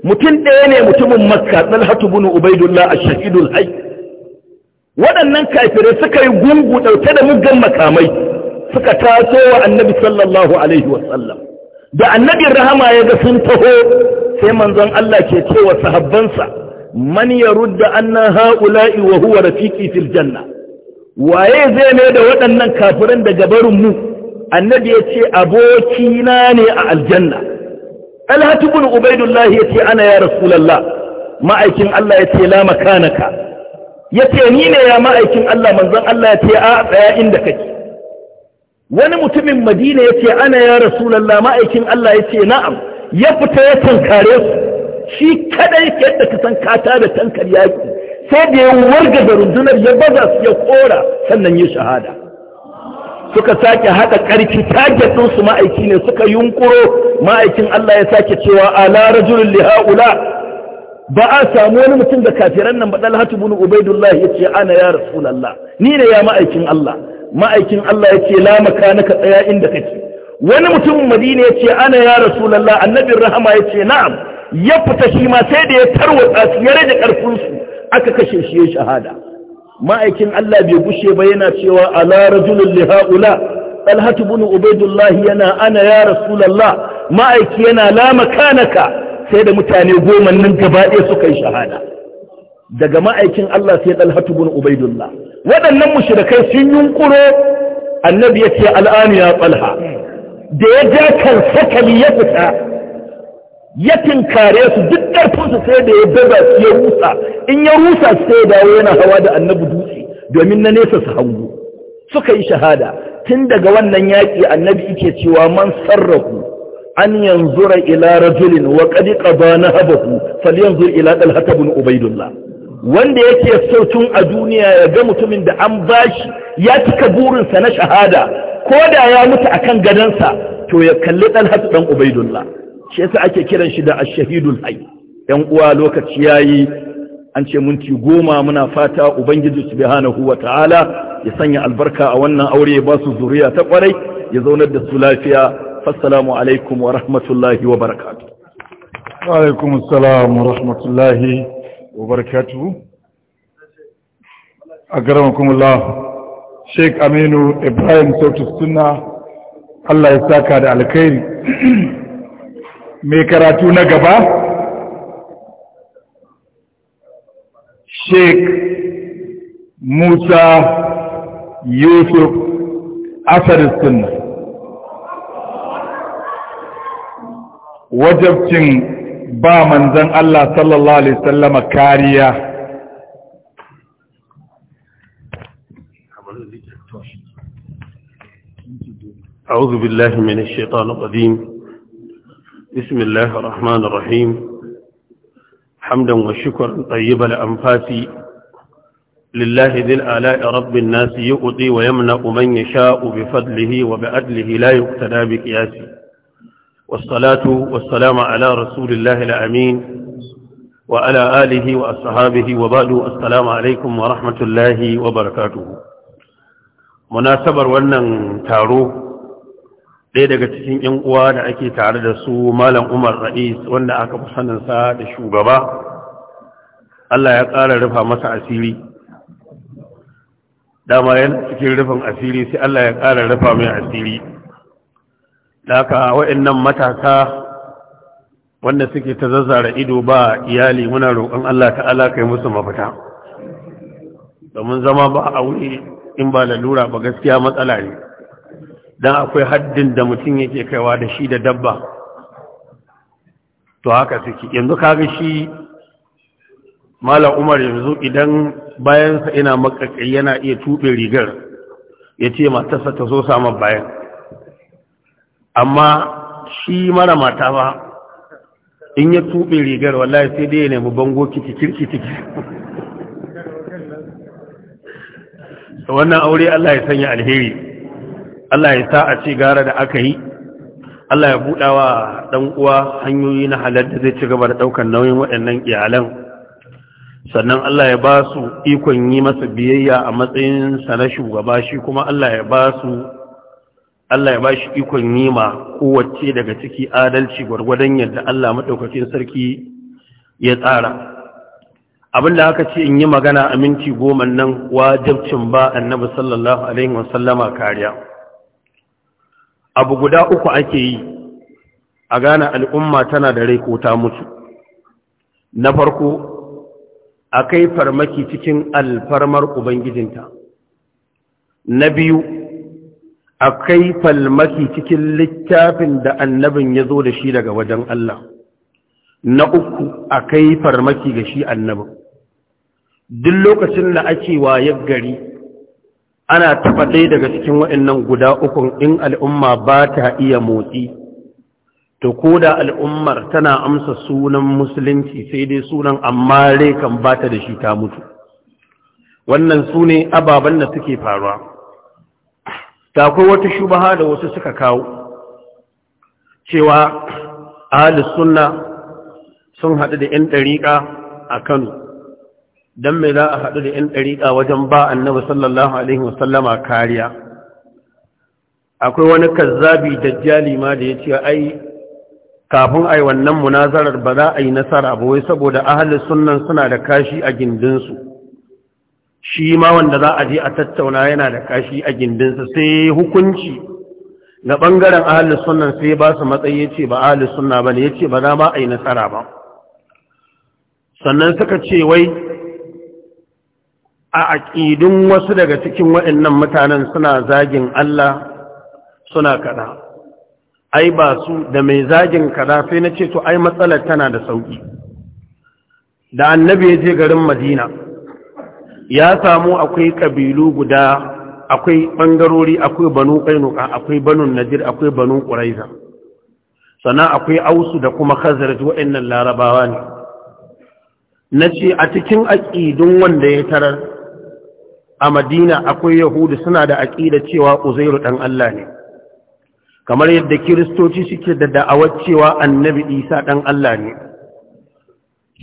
mutum ɗaya ne mutumin makka ɗalhatu bin ubaidullah a shahidul haik waɗannan kafirai suka yi gungu ɗauke da muggan makamai suka taso wa annabi sallallahu alaihi wasallam da annabin rahama ya ga sun taho sai manzon Allah ke cewa sahabbansa man yarudda anna haula'i wa huwa rafiqi fil janna waye zai ne da waɗannan kafiran daga barin mu annabi ya ce abokina ne a aljanna alhatu ubaidullahi ya ce ana ya rasulallah ma'aikin Allah ya ce la makanaka ya ce ni ne ya ma'aikin Allah manzon Allah ya ce a tsaya inda kake wani mutumin madina ya ce ana ya rasulallah ma'aikin Allah ya ce na'am ya fita ya tankare su shi kaɗai yadda ka san kata da tankar yaki sai da ya warga da rundunar ya baza su ya kora sannan ya shahada suka sake haɗa ƙarfi taget ɗin su ma'aiki ne suka yunkuro ma'aikin Allah ya sake cewa ala rajulun li ba a samu wani mutum da kafiran nan ba dalhatu bin ubaidullah ce ana ya rasulullah ni ne ya ma'aikin Allah ma'aikin Allah yace la makana ka tsaya inda kake wani mutum madina yace ana ya rasulullah annabin rahama yace na'am ya fita shi ma sai da ya tarwatsa su ya rage karfin su aka kashe shi ya shahada ma'aikin Allah bai gushe ba yana cewa ala rajulul lihaula dalhatu bin ubaidullah yana ana ya rasulullah ma'aiki yana la makanaka sai da mutane goma nan gaba ɗaya suka yi shahada daga ma'aikin Allah sai ɗalhatu bin ubaidullah waɗannan mushrikai sun yunkuro annabi ya ce al'anu ya ɓalha. da ya ja kan sakali ya fita ya tinkare su duk ƙarfinsu sai da ya daga su ya rusa in ya rusa sai dawo yana hawa da annabi dutse domin na nesa su hango suka yi shahada tun daga wannan yaƙi annabi yake cewa man sarrafu an yanzura ila rajulin wa qad qada nahabahu falyanzur ila talhata ibn ubaidullah wanda yake so tun a duniya ya ga mutumin da an bashi ya cika burinsa na shahada ko da ya mutu akan sa, to ya kalli talhata dan ubaidullah shi yasa ake kiran shi da ash-shahidul hayy yan uwa lokaci yayi an ce minti goma muna fata ubangiji subhanahu wa ta'ala ya sanya albarka a wannan aure ya ba su zuriya ta kwarai ya zaunar da su lafiya fassalamu alaikum wa rahmatullahi wa barakatu wa alaikum assalam wa rahmatullahi wa barakatu a garamakumullah sheik aminu ibrahim sautus suna allah ya saka da alkhairi mai karatu na gaba sheik musa yusuf asar suna wajabcin ba manzan Allah sallallahu Alaihi sallama kariya أعوذ بالله من الشيطان القديم بسم الله الرحمن الرحيم حمدا وشكرا طيب لأنفاسي لله ذي الآلاء رب الناس يؤطي ويمنأ من يشاء بفضله وبأدله لا يقتدى بكياسي والصلاة والسلام على رسول الله الأمين وعلى آله وأصحابه وبعد السلام عليكم ورحمة الله وبركاته مناسبة wannan taro ɗaya daga cikin ‘yan uwa da ake tare da su Malam Umar Ra'is wanda aka fi saninsa da shugaba, Allah ya ƙara rufa masa asiri. Dama yana cikin rufin asiri sai Allah ya ƙara rufa mai asiri. da haka matasa wanda suke ta zazzara ido ba iyali muna roƙon Allah ta'ala kai musu mafita domin zama ba aure in ba lura, ba gaskiya matsala ne don akwai haddin da mutum yake kaiwa da shi da dabba to haka suke yanzu kaga shi malam umar yanzu idan bayansa ina makakai yana iya tuɓe rigar ya ce matarsa ta zo samun bayan amma shi mara mata ba in ya tuɓe rigar wallahi sai dai ya nemi bango kitikirkitiki wannan aure Allah ya sanya alheri Allah ya sa a ce gara da aka yi Allah ya buɗa wa ɗan uwa hanyoyi na halar zai ci gaba da ɗaukar nauyin waɗannan iyalan sannan Allah ya ba su ikon yi masa biyayya a matsayinsa na shugaba shi kuma Allah ya ba su Allah ya ba shi ikon nima kowace daga ciki adalci gwargwadon yadda Allah maɗaukacin sarki ya tsara abin da aka ce in yi magana a minti goma nan wajabcin ba annabi sallallahu alaihi wasallama kariya abu guda uku ake yi a gane al'umma tana da rai ko ta mutu na farko a kai farmaki cikin alfarmar ubangijinta na biyu akwai falmaki cikin littafin da annabin ya zo da shi daga wajen Allah na uku akai farmaki ga shi annabin duk lokacin da ake wayar gari ana taba ɗaya daga cikin waɗannan guda ukun in al'umma ba ta iya motsi to ko da al'ummar tana amsa sunan musulunci sai dai sunan amma rekan ba ta da shi ta mutu wannan su ne ababen da suke faruwa ta akwai wata shubaha da wasu suka kawo cewa ahli sunna sun haɗu da 'yan ɗariƙa a Kano don mai za a haɗu da 'yan ɗariƙa wajen ba annabi sallallahu alaihi wasallama kariya akwai wani kazzabi dajjali ma da ya ce ai kafin ai wannan munazarar ba za a yi nasara ba wai saboda ahalin sunnan suna da kashi a gindinsu shi ma wanda za a je a tattauna yana da kashi a gindinsa sai hukunci Na ɓangaren ahalus sunan sai ba su matsayi ya ce ba ahalus suna ba ne ya ce ba za ma a yi nasara ba sannan suka ce wai a aƙidun wasu daga cikin waɗannan mutanen suna zagin Allah suna kaɗa ai ba su da mai zagin kaɗa sai na ce to ai matsalar tana da sauƙi da annabi ya je garin madina ya samu akwai kabilu guda akwai bangarori akwai banu kainuka akwai banu najir akwai banu quraiza sannan akwai ausu da kuma khazraj wa'annan larabawa ne nace a cikin aqidun wanda ya tarar a madina akwai yahudu suna da aƙida cewa uzairu dan Allah ne kamar yadda kiristoci suke da da'awar cewa annabi isa dan Allah ne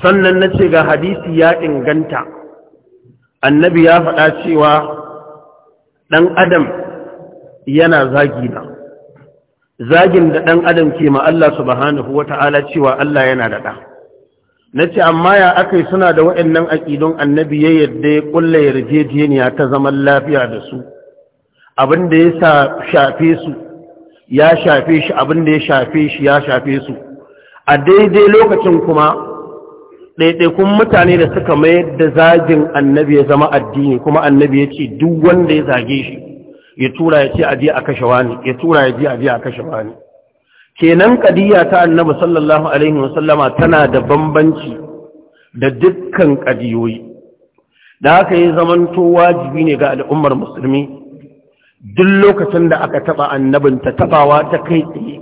sannan nace ga hadisi ya inganta annabi ya faɗa cewa ɗan adam yana zagi na zagin da ɗan adam ke ma Allah subhanahu wa ta'ala cewa Allah yana da ɗa na ce amma ya aka suna da waɗannan aƙidun annabi ya yadda ya ƙulla yarjejeniya ta zaman lafiya da su abin da ya shafe su ya shafe shi abin da ya shafe shi ya shafe su a daidai lokacin kuma ɗaiɗaikun mutane da suka mayar da zagin annabi ya zama addini kuma annabi ya ce duk wanda ya zage shi ya tura ya ce a je a kashe wani ya tura ya je a je a kashe wani kenan kadiya ta annabi sallallahu alaihi wasallama tana da bambanci da dukkan kadiyoyi da haka yi zamanto wajibi ne ga al'ummar musulmi duk lokacin da aka taba annabin ta tabawa ta kai tsaye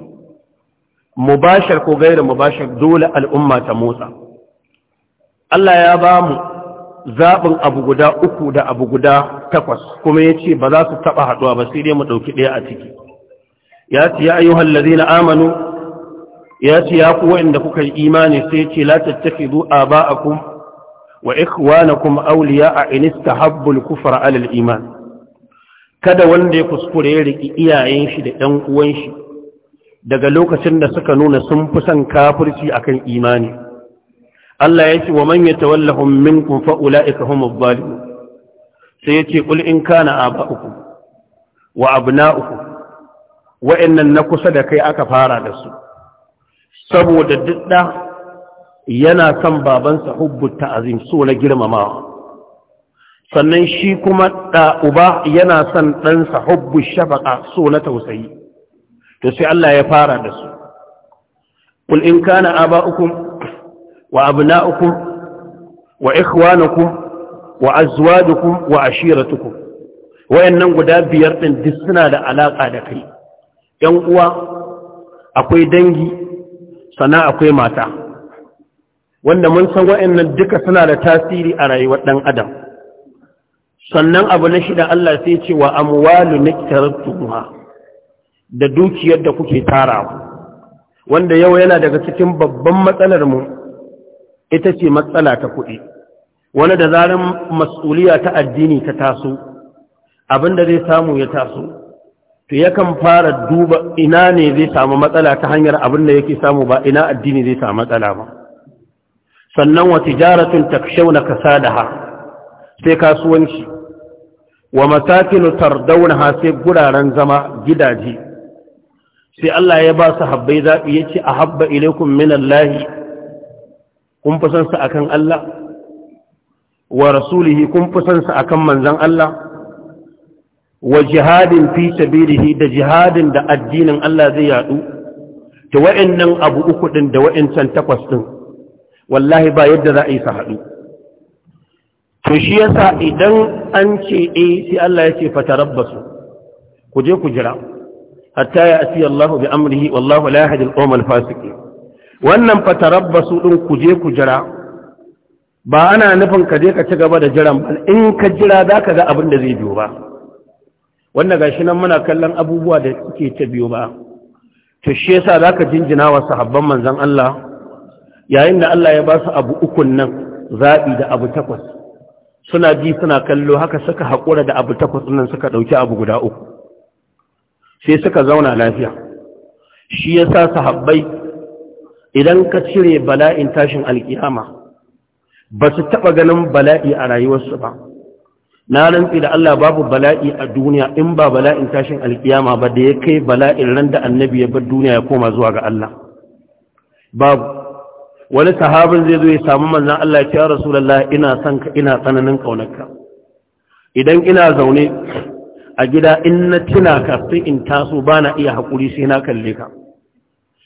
mubashar ko gaira mubashar dole al'umma ta motsa Allah ya ba mu zaɓin abu guda uku da abu guda takwas kuma ya ce ba za su taɓa haɗuwa ba sai dai mu ɗauki ɗaya a ciki ya ce ya ayyuhan lazina amanu ya ce ya ku waɗanda kuka yi imani sai ce la a kum? wa ikhwanakum kuma in a inista kufra 'ala alal iman kada wanda ya kuskure ya riki iyayen shi da 'yan uwan shi daga lokacin da suka nuna sun fi son kafirci akan imani Allah ya ce wa manya tawallahun min fa ulaika humuz zalimun sai yace qul in kana aba'ukum wa abna'ukum wa'innan na kusa da kai aka fara da su saboda duk da yana son babansa hubbu ta'azim so na girmamawa sannan shi kuma ɗa'uba uba yana son ɗansa hubbu shafaka so na tausayi to sai Allah ya fara da su qul in kana wa abna'ukum wa ikhwanukum wa azwajukum wa ashiratukum wayannan guda biyar din duk suna da alaƙa da kai yan uwa akwai dangi sana akwai mata wanda mun san wayannan duka suna da tasiri a rayuwar dan adam sannan abu na shida Allah sai ya ce wa amwalu niktaratuha da dukiyar da kuke tarawa wanda yau yana daga cikin babban matsalar mu ita ce matsala ta kuɗi wani da zarar mas'uliya ta addini ta taso abinda zai samu ya taso to yakan fara duba ina ne zai samu matsala ta hanyar abinda yake samu ba ina addini zai samu matsala ba sannan wa tijaratun takshawna kasadaha sai kasuwanci wa masakinu tardawnaha sai guraren zama gidaje sai Allah ya ba su habbai zaɓi ya ce a habba ilaikun minallahi kun fi san sa kan Allah wa rasulihi kun fi san sa akan manzon Allah wa jihadin fi sabilihi da jihadin da addinin Allah zai yadu to wa'annan abu uku din da wa'ancan takwas din wallahi ba yadda za a yi su haɗu to shi yasa idan an ce eh sai Allah ya ce fatarabbasu ku je ku jira hatta ya asiya Allah bi amrihi wallahu la yahdi al-qawm al-fasiqin wannan su ɗin ku je ku jira ba ana nufin ka je ka ci gaba da jiran ba in ka jira za ka ga abin da zai biyo ba wanda gashi nan muna kallon abubuwa da suke ta biyo ba to shi yasa za ka jinjina wa sahabban manzan Allah yayin da Allah ya ba su abu ukun nan zaɓi da abu takwas suna ji suna kallo haka suka haƙura da abu takwas nan suka ɗauki abu guda uku sai suka zauna lafiya shi yasa sahabbai idan ka cire bala'in tashin alkiyama ba su taɓa ganin bala'i a rayuwarsu ba na rantsi da Allah babu bala'i a duniya in ba bala'in tashin alkiyama ba da ya kai bala'in ran da annabi ya bar duniya ya koma zuwa ga Allah babu wani sahabin zai zo ya samu manzan Allah ya ya rasulallah ina son ka ina tsananin ƙaunarka idan ina zaune a gida in na tuna ka sai in taso ba na iya haƙuri sai na kalle ka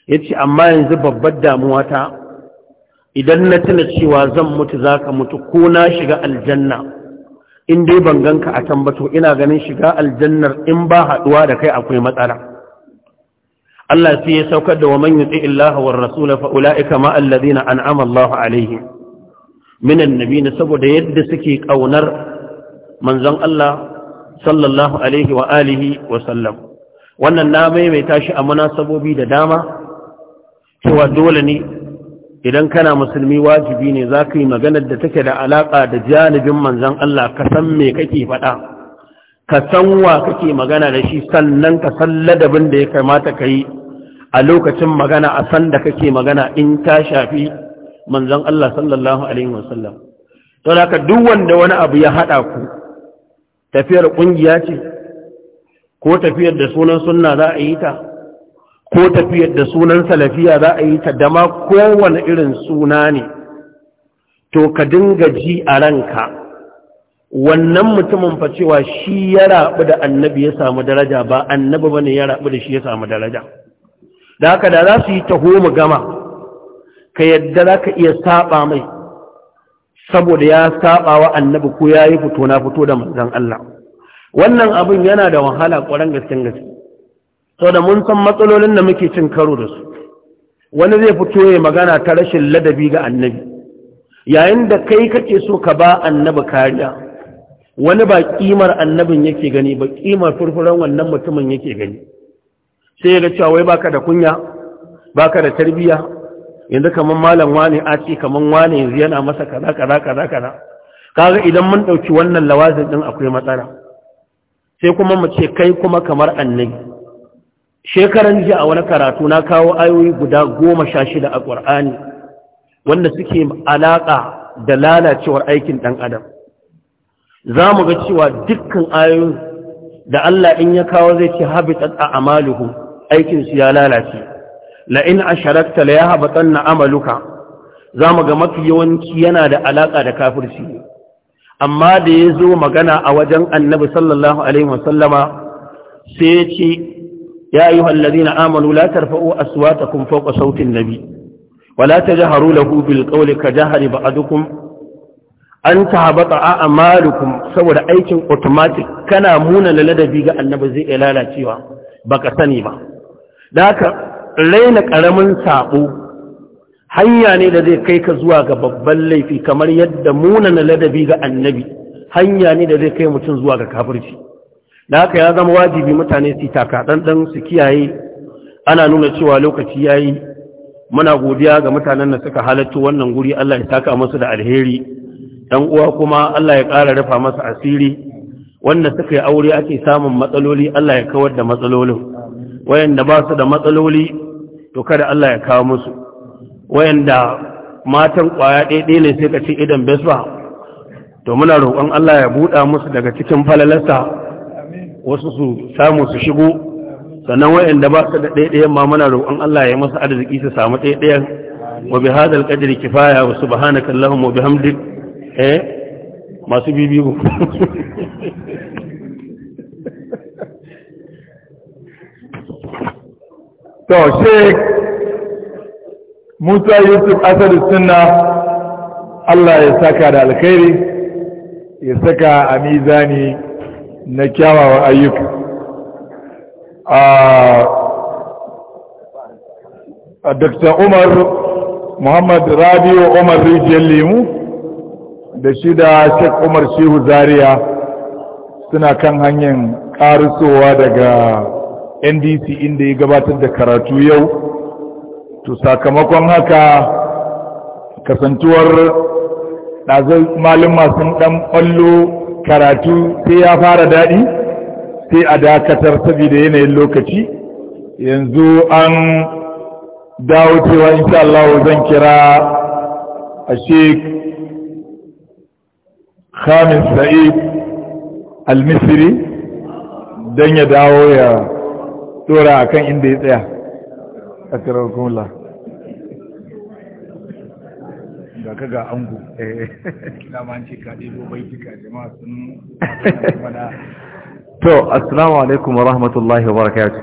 ya ce amma yanzu babbar damuwa ta idan na tuna cewa zan mutu za ka mutu ko na shiga aljanna in dai ban ganka a tambato ina ganin shiga aljannar in ba haɗuwa da kai akwai matsala Allah sai ya saukar da wa man yuti illaha war rasula fa ulaika ma alladhina an'ama Allahu alaihim min nabiyina saboda yadda suke kaunar manzon Allah sallallahu alaihi wa alihi wa sallam wannan na maimaita shi a munasabobi da dama cewa dole ne idan kana musulmi wajibi ne za ka yi maganar da take da alaƙa da janibin manzan Allah ka san me kake faɗa ka san wa kake magana da shi sannan ka san ladabin da ya kamata ka yi a lokacin magana a san da kake magana in ta shafi manzan Allah sallallahu alaihi wasallam to da duk wanda wani abu ya haɗa ku tafiyar ƙungiya ce ko tafiyar da sunan sunna za a yi ta ko tafiyar da sunan salafiya za a yi ta dama kowane irin suna ne to ka dinga ji a ranka wannan mutumin fa cewa shi ya rabu da annabi ya samu daraja ba annabi bane ya rabu da shi ya samu daraja da haka da za su yi taho mu gama ka yadda za ka iya saba mai saboda ya saba wa annabi ko ya yi fito na fito da manzon Allah wannan abin yana da wahala ƙwarar gasken gaske sau da mun san matsalolin da muke cin karo da su wani zai fito ya magana ta rashin ladabi ga annabi yayin da kai kake so ka ba annabi kariya wani ba kimar annabin yake gani ba kimar furfuran wannan mutumin yake gani sai ya ga cewa wai baka da kunya baka da tarbiyya yanzu kaman malam wani a ce kaman wani yanzu yana masa kaza kaza kaza kaza kaga idan mun dauki wannan lawazin din akwai matsala sai kuma mu ce kai kuma kamar annabi shekaran jiya a wani karatu na kawo ayoyi guda goma sha shida a ƙwar'ani wanda suke alaƙa da lalacewar aikin ɗan adam za mu ga cewa dukkan ayoyin da Allah in ya kawo zai ce habitat a amaluhu aikinsu ya lalace la'in a sharakta la ya habatan na amaluka za mu ga mafi yawanci yana da alaƙa da kafirci amma da ya zo magana a wajen annabi sallallahu alaihi wasallama sai ya ce يا أيها الذين آمنوا لا ترفعوا أصواتكم فوق صوت النبي ولا تجهروا له بالقول كجهر بعضكم أن تهبط أعمالكم سوى أيكم أوتوماتيك كان مونا للدبي ga annabi zai lalacewa, ba ka sani ba daka raina ƙaramin sabo hanya ne da zai kai ka zuwa ga babban laifi kamar yadda muna ladabi ga annabi hanya ne da zai kai mutum zuwa ga kafirci da haka ya zama wajibi mutane su taka su kiyaye ana nuna cewa lokaci ya yi muna godiya ga mutanen da suka halatta wannan guri Allah ya taka musu da alheri Dan uwa kuma Allah ya ƙara rufa masa asiri wanda suka yi aure ake samun matsaloli Allah ya kawar da matsalolin wayanda ba su da matsaloli to kada Allah ya kawo musu wayanda matan kwaya ɗaiɗe ne sai ka ce idan besba to muna roƙon Allah ya buɗa musu daga cikin falalarsa wasu su samu su shigo sannan da ba su da ɗaiɗayan ma muna roƙon Allah ya masa arziki su samu ɗaya wa bi hadal qadri kifaya wa subhanaka allahumma wa bihamdik eh masu bibi bibiyo to sheik Musa Yusuf Asad Sunna Allah ya saka da alkhairi ya saka a mizani na kyawawa ayyuka a dr umar muhammad rabiu umar rijiyar lemu da shi da shek umar shehu zaria suna kan hanyar karisowa daga ndc inda ya gabatar da karatu yau to sakamakon haka kasantuwar ɗazai malin masu ɗan ɓallo. karatu sai ya fara daɗi sai a dakatar saboda yanayin lokaci yanzu an dawo cewa insha Allah zan kira a sheik khamis sa'id al-misri don ya dawo ya dora akan inda ya tsaya a kira hukumula ka ga ango kila ma ce ka ɗebo baitika jama'a sun mana to assalamu alaikum wa rahmatullahi wa barakatuh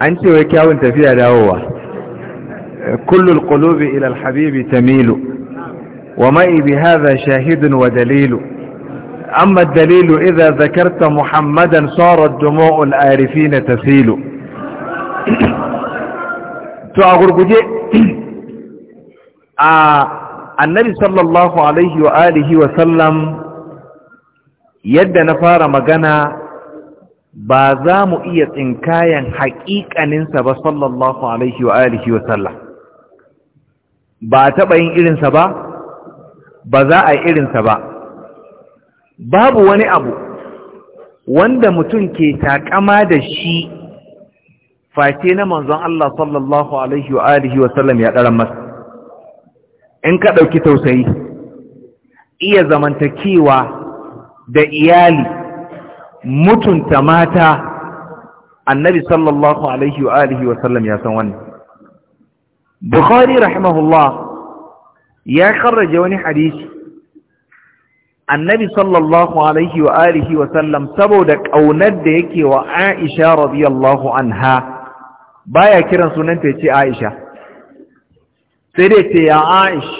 an ce wai kyawun tafiya dawowa kullul qulubi ila alhabibi tamilu wa ma'i bi hadha shahidun wa dalilu أما الدليل إذا ذكرت محمدا صارت دموع الآرفين تسيل تعغر قجئ a annabi sallallahu alaihi wa alihi wa sallam yadda na fara magana ba za mu iya tsinkayen haƙiƙaninsa ba sallallahu alaihi wa alihi wa sallam ba a taɓa yin irinsa ba ba za a yi irinsa ba babu wani abu wanda mutum ke takama da shi face na manzon Allah sallallahu alaihi wa alihi wa sallam ya ɗaran masa in ka ɗauki tausayi iya zamantakewa da iyali mutunta mata annabi sallallahu alaihi wa alihi wa sallam ya san wannan bukhari rahimahullah ya kharraje wani hadisi annabi sallallahu alaihi wa alihi wa sallam saboda ƙaunar da yake wa Aisha radiyallahu anha baya kiran sunanta yace Aisha sai dai ce ya aish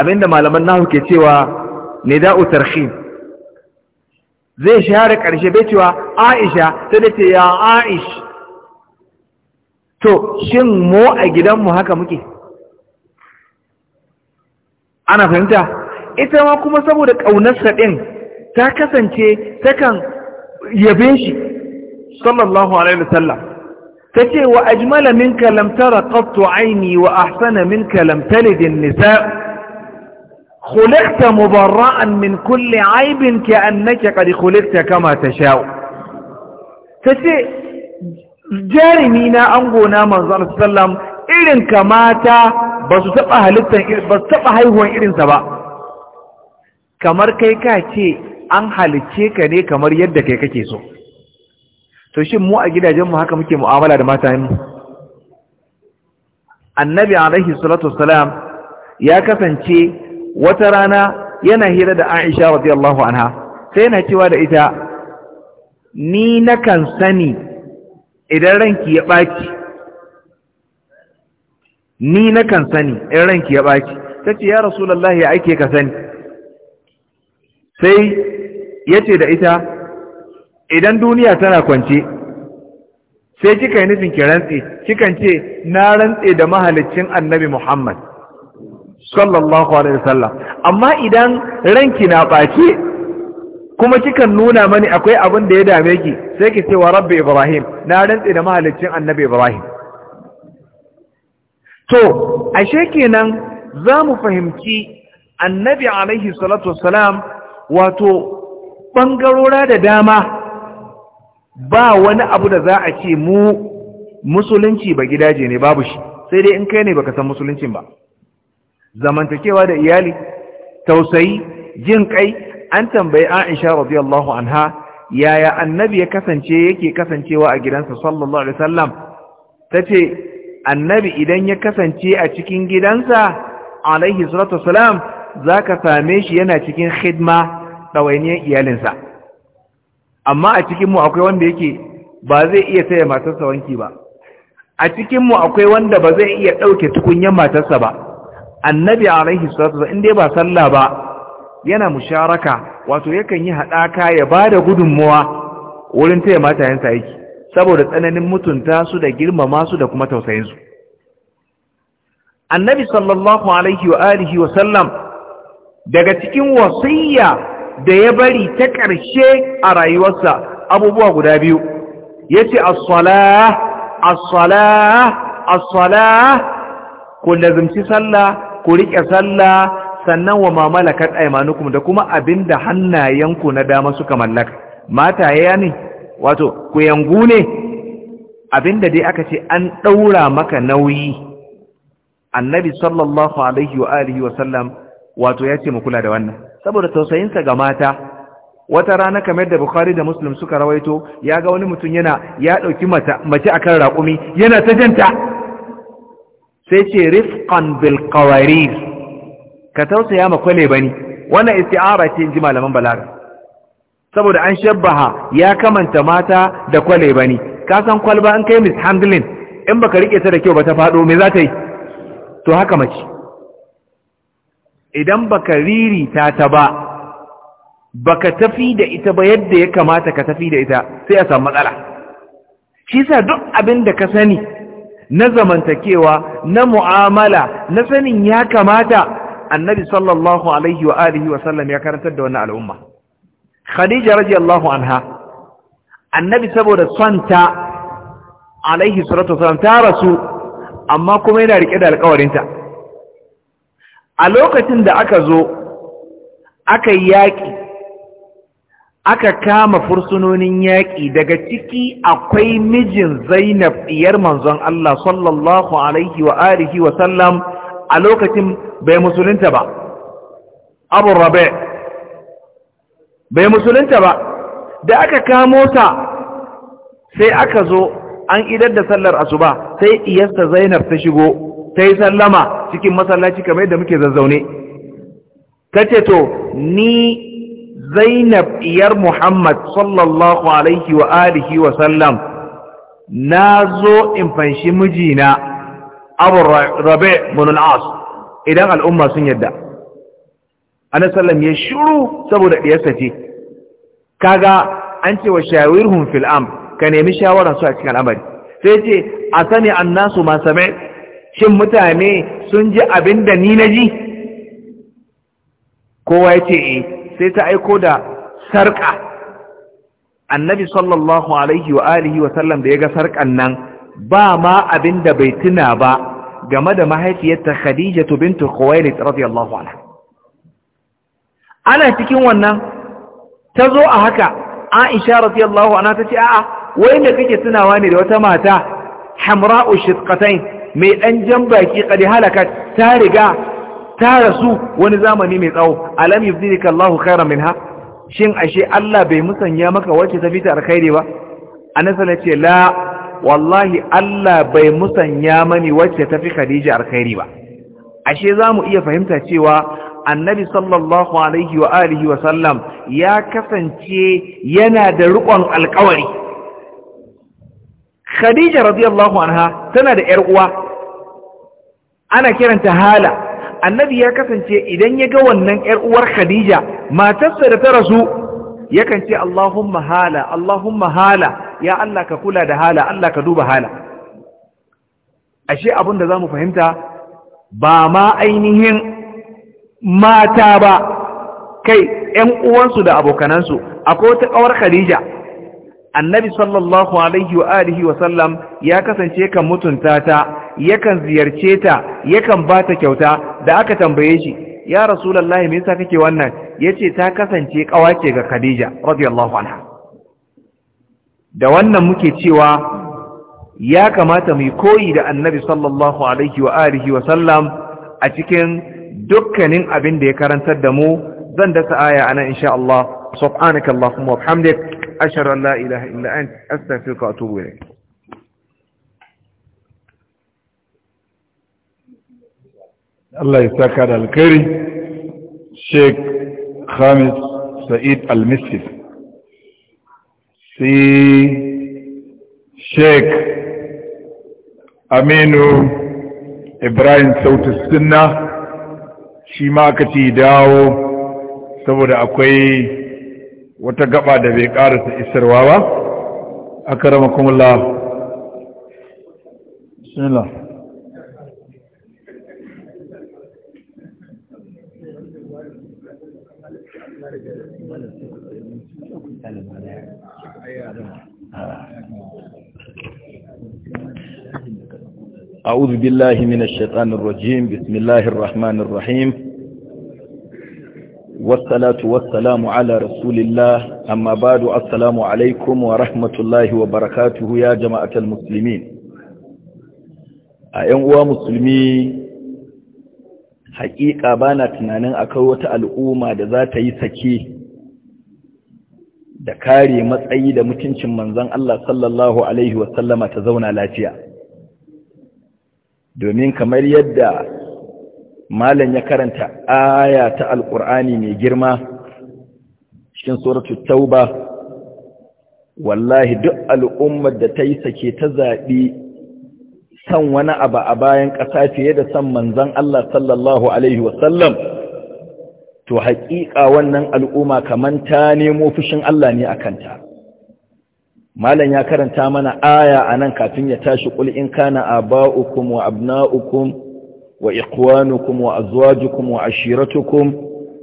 abinda malaman nahu ke cewa da tarhim zai share ƙarshe bai cewa aisha sai dai ce ya aish to shin mu a gidanmu haka muke ana fahimta ita ma kuma saboda ƙaunarsa ɗin ta kasance takan yabe shi sallallahu alaihi wasallam tace wa ajmala minka lam tara aini wa ahsana minka lam talid an-nisa خلقت مبرأ من كل عيب كأنك قد ta كما Ta ce, jarumi na ango manzan sallam irin kamata ba su taɓa halittar ba su taɓa haihuwan irinsa ba kamar kai ka ce an halicce ka ne kamar yadda kai kake so to shin mu a gidajenmu haka muke mu'amala da matayenmu annabi alaihi salatu wassalam ya kasance wata rana yana hira da aisha radiyallahu anha sai yana cewa da ita ni nakan sani idan ranki ya baki ni nakan sani idan ranki ya baki tace ya rasulullahi ya aike ka sani sai yace da ita idan duniya tana kwance sai kika yi nufin ki rantse kikan ce na rantse da mahaliccin annabi Muhammad sallallahu alaihi wasallam amma idan ranki na ɓaci kuma kikan nuna mani akwai abin da ya dame ki sai ki ce wa rabbi ibrahim na rantse da mahaliccin annabi ibrahim to ashe kenan za mu fahimci annabi alaihi salatu wasalam wato ɓangarora da dama ba wani abu da za a ce mu musulunci ba gidaje ne babu shi sai dai in kai ne baka san musuluncin ba zamantakewa da iyali tausayi jin kai an tambayi Aisha radiyallahu anha yaya annabi ya kasance yake kasancewa a gidansa sallallahu alaihi wasallam tace annabi idan ya kasance a cikin gidansa alaihi salatu wasalam zaka same shi yana cikin khidma dawainiyar iyalinsa amma a cikinmu akwai wanda yake ba zai iya taya matarsa wanki ba a cikinmu akwai wanda ba zai iya ɗauke tukunyen matarsa ba annabi alaihi salatu in dai ba sallah ba yana musharaka wato yakan yi haɗaka ya ba da gudunmuwa wurin taya matayensa aiki saboda tsananin mutunta su da girmama su da kuma tausayinsu annabi sallallahu alaihi wa alihi wa sallam daga cikin wasiyya da ya bari ta ƙarshe a rayuwarsa abubuwa guda biyu ya ce asala ku lazimci sallah ku riƙe sallah sannan wa mamalakat aimanukum da kuma abin da hannayenku na dama suka mallaka mata ya ne wato ku yangu ne abin da dai aka ce an ɗaura maka nauyi annabi sallallahu alaihi wa alihi wa sallam wato ya ce mu kula da wannan saboda tausayinsa ga mata wata rana kamar da bukhari da muslim suka rawaito ya ga wani mutum yana ya ɗauki mace a kan raƙumi yana ta janta sai ce rifkan bilkawarir ka tausaya ma kwale ba ni wannan isti'ara ce ji malaman balaga saboda an shabbaha ya kamanta mata da kwale ba ni ka san kwalba an kai mishandling in baka rike ta da kyau ba ta faɗo me za ta yi to haka mace idan baka riri ta ba baka tafi da ita ba yadda ya kamata ka tafi da ita sai a samu matsala shi sa duk abin da ka sani na zamantakewa na mu'amala na sanin ya kamata annabi sallallahu alaihi wa alihi wa sallam ya karantar da wannan al'umma khadija radiyallahu anha annabi saboda santa alaihi salatu wasallam ta rasu amma kuma yana rike da alƙawarinta a lokacin da aka zo aka yaƙi aka kama fursunonin yaƙi daga ciki akwai mijin zainab ɗiyar manzon Allah sallallahu alaihi wa alihi wa sallam a lokacin bai musulunta ba abu rabe bai musulunta ba da aka kamo ta sai aka zo an idar da sallar asuba sai iyasta zainab ta shigo ta yi sallama cikin masallaci kamar yadda muke zazzaune ta ce to ni zainab iyar muhammad sallallahu alaihi wa alihi wa sallam na zo in fanshi mijina abu rabe bin as idan al'umma sun yadda ana sallam ya shuru saboda ɗiyarsa ce kaga an ce wa shawirhum fil'am ka nemi shawararsu a cikin al'amari sai ce a sani annasu ma sami shin mutane sun ji abin da ni na ji kowa ya ce eh sai ta aiko da sarƙa annabi sallallahu alaihi wa alihi wa sallam da ya ga sarƙan nan ba ma abin da bai tuna ba game da mahaifiyarta khadijatu bintu khuwailid radiyallahu anha ana cikin wannan ta zo a haka aisha radiyallahu anha ta ce a'a wai me kake tunawa ne da wata mata hamra'u shidqatain mai ɗan jan baki ƙadi halakat ta riga ta rasu wani zamani mai tsawo alam yubdilika Allahu khairan minha shin ashe Allah bai musanya maka wacce ta fita alkhairi ba anas ne ce la wallahi Allah bai musanya mani wacce ta fi Khadija alkhairi ba ashe za mu iya fahimta cewa annabi sallallahu alaihi wa alihi wa sallam ya kasance yana da rikon alkawari Khadija radiyallahu anha tana da ‘yar uwa ana kiranta hala annabi ya kasance idan ya ga wannan ‘yar uwar khadija matarsa da ta rasu yakan ce Allahumma hala Allahumma hala ya Allah ka kula da hala Allah ka duba hala ashe abin da za mu fahimta ba ma ainihin mata ba kai ‘yan uwansu da abokanansu akwai wata ƙawar khadija annabi sallallahu alaihi wa alihi wa sallam ya kasance kan mutunta ta yakan ziyarce ta yakan ba ta kyauta da aka tambaye shi ya rasulullahi me yasa kake wannan yace ta kasance kawace ga Khadija radiyallahu anha da wannan muke cewa ya kamata mu koyi da annabi sallallahu alaihi wa alihi wa sallam a cikin dukkanin abin da ya karantar da mu zan dasa aya anan insha Allah subhanakallahumma wa bihamdika أشهد أن لا إله إلا أنت أستغفرك وأتوب إليك Allah ya saka da alkhairi Sheikh Khamis Sa'id Al-Misri sai Sheikh Aminu Ibrahim Sautus Sunna shi ma aka ci dawo saboda akwai wata gaba da bai karasa isarwa ba aka rama kuma la shila أعوذ بالله من الشيطان الرجيم بسم الله الرحمن الرحيم والصلاة والسلام على رسول الله أما بعد السلام عليكم ورحمة الله وبركاته يا جماعة المسلمين أيام ومسلمي حقيقة بانا تنانين أكوة الأمة ذات يسكي da kare matsayi da mutuncin manzon Allah sallallahu alaihi wasallama ta zauna lafiya domin kamar yadda malam ya karanta aya ta Alƙur'ani mai girma cikin suratu tauba wallahi duk al'ummar da ta yi sake ta zaɓi san wani abu a bayan ƙasa fiye da san manzan Allah sallallahu Alaihi wasallam to haƙiƙa wannan al'umma kamar ta nemo fushin Allah ne a kanta malam ya karanta mana aya a nan kafin ya tashi ƙul'in in kana aba'ukum wa abna'ukum وإخوانكم وأزواجكم وعشيرتكم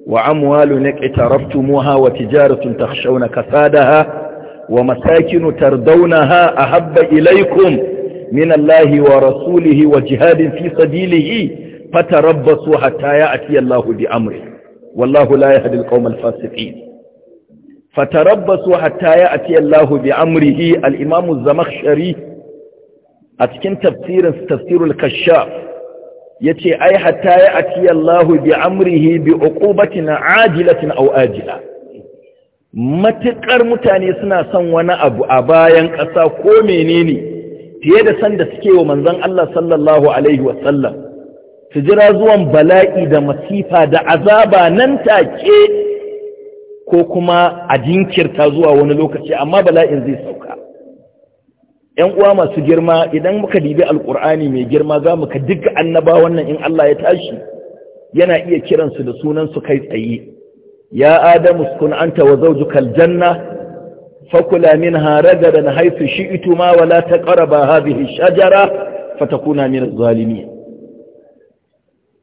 وأموال اقترفتموها وتجارة تخشون كسادها ومساكن تردونها أحب إليكم من الله ورسوله وجهاد في سبيله فتربصوا حتى يأتي الله بأمره والله لا يهدي القوم الفاسقين فتربصوا حتى يأتي الله بأمره الإمام الزمخشري أتكن تفسير تفسير الكشاف yace ai hatta ya ati Allah bi amrihi bi uqubatin ajilatin au ajila Matuƙar mutane suna son wani abu a bayan ƙasa ko menene fiye da san da suke wa manzon Allah sallallahu alaihi Wasallam su jira zuwan bala'i da masifa da azaba nan take ko kuma a jinkirta zuwa wani lokaci amma bala'in zai sauka yan uwa masu girma idan muka dibi alkur'ani mai girma za mu ka duka annaba wannan in Allah ya tashi yana iya kiransu da sunansu kai tsaye ya adamu kun anta wa zawjuka aljanna fakula minha ragadan haythu shi'tuma wa la taqrabu hadhihi shajara fatakuna min adh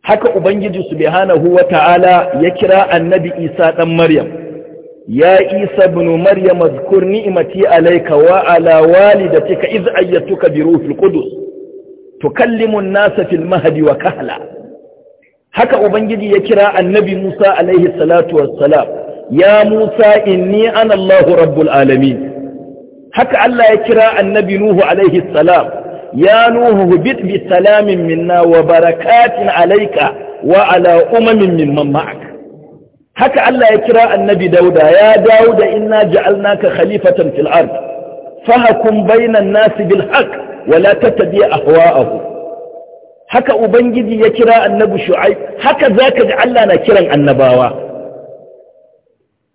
haka ubangiji subhanahu wa ta'ala ya kira annabi Isa dan Maryam يا عيسى ابن مريم اذكر نعمتي عليك وعلى والدتك إذ أيتك بروح القدس تكلم الناس في المهد وكهلا haka ubangiji ya kira annabi Musa alaihi salatu wassalam ya Musa inni ana Allahu rabbul alamin haka Allah ya kira annabi Nuhu alaihi salam ya Nuhu hubit bi salamin minna wa barakatin alayka wa ala umamin mimman ma'ak haka Allah ya kira annabi dauda ya dawo da inna ja'alnaka khalifatan fil ard fahkum bainan nas bil haqq wa la tattabi ahwa'ahu haka ubangiji ya kira annabi shu'aib haka zaka ji Allah na kiran annabawa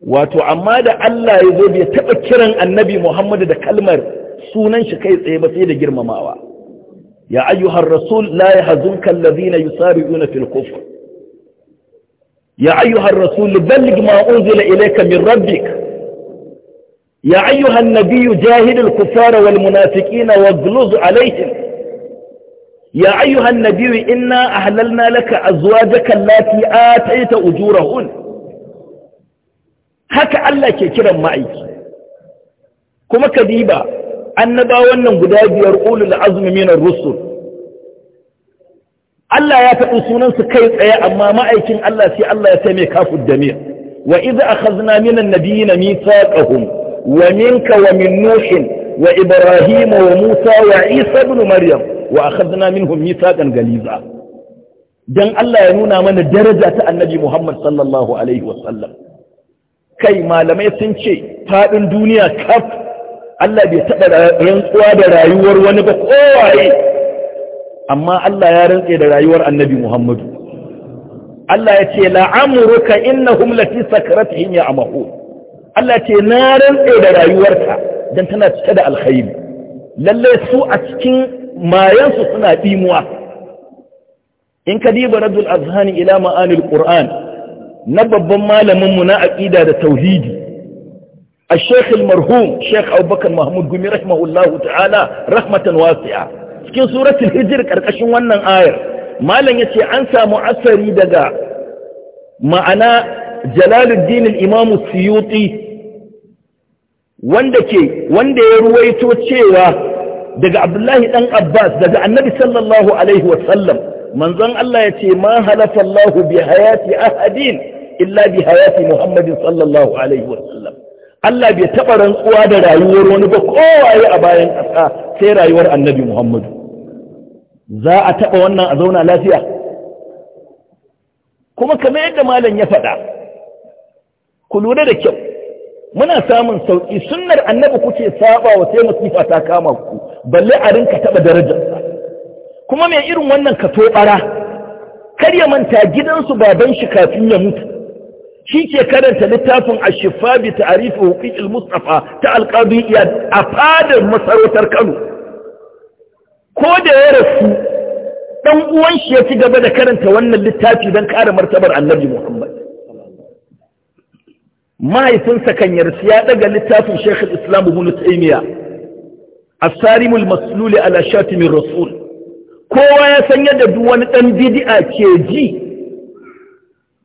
wato amma da Allah ya zo bai taba kiran annabi Muhammad da kalmar sunan shi kai tsaye ba sai da girmamawa ya ayyuhar rasul la yahzunka alladhina yusari'una fil kufr يا أيها الرسول بلغ ما أنزل إليك من ربك يا أيها النبي جاهد الكفار والمنافقين واغلظ عليهم يا أيها النبي إنا أهللنا لك أزواجك التي آتيت أجورهن هكا الله كيكرا معك كما كذيبا أنبا ونن قدابي يرؤول العزم من الرسل Allah ya faɗi sunansu kai tsaye amma ma'aikin Allah sai Allah ya taimai kafin damir wa iza akhazna minan nabiyina ƙahun, wa minka wa min nuhin wa ibrahim wa musa wa isa ibn maryam wa akhazna minhum mithaqan galiza dan Allah ya nuna mana daraja ta annabi Muhammad sallallahu alaihi kai malamai sun ce faɗin duniya kaf Allah bai taɓa rantsuwa da rayuwar wani ba kowaye amma Allah ya rantse da rayuwar annabi Muhammadu Allah ya ce la'amuruka innahum lati sakaratihim ya amahu Allah ce na rantse da rayuwarka dan tana cike da alkhairi lalle su a cikin mayansu suna dimuwa in ka diba radul azhani ila ma'anil qur'an na babban malamin mu na aqida da tauhidi الشيخ المرحوم شيخ أبو بكر محمود قمي رحمه الله تعالى رحمة واسعة cikin suratul hijir karkashin wannan ayar malam yace an samu asari daga ma'ana jalaluddin al-imam suyuti wanda ke wanda ya ruwaito cewa daga abdullahi dan abbas daga annabi sallallahu alaihi wasallam manzon Allah yace ma halafa Allah bi hayati ahadin illa bi hayati muhammadin sallallahu alaihi Allah bai taɓa rantsuwa da rayuwar wani ba kowaye a bayan ƙasa sai rayuwar annabi Muhammadu za a taɓa wannan a zauna lafiya kuma kamar yadda malam ya faɗa ku lura da kyau muna samun sauƙi sunnar annabi kuke saba wa sai masifa ta kama ku balle a rinka taɓa darajarsa kuma mai irin wannan ka toɓara kar ya manta gidansu baban shi kafin ya mutu shi ke karanta littafin a shifa ta'arifi hukukin mustafa ta alƙadu iya a fadar masarautar kano ko da ya rasu ɗan uwan shi ya ci gaba da karanta wannan littafi don kara martabar annabi muhammad mahaifinsa kan yarsu ya ɗaga littafin shekhar islam ibn asarimul masluli ala shatimin rasul kowa ya san yadda duk wani ɗan bidi'a ke ji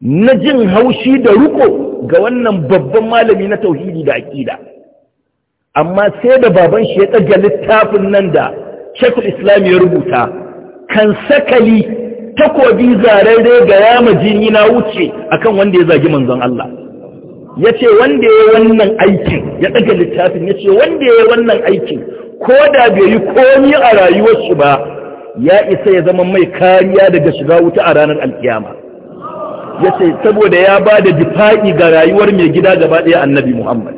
na jin haushi da ruko ga wannan babban malami na tauhidi da aƙida amma sai da baban shi ya tsaga littafin nan da shekul islam ya rubuta kan sakali takobi zararre ga yama jini na wuce akan wanda ya zagi manzon Allah ya ce wanda ya wannan aikin ya ɗaga littafin ya ce wanda ya wannan aikin ko da bai yi komi a rayuwarsu ba ya isa ya zama mai kariya daga shiga wuta a ranar alkiyama Ya ce saboda ya ba da difa'i ga rayuwar mai gida gaba ɗaya annabi Muhammad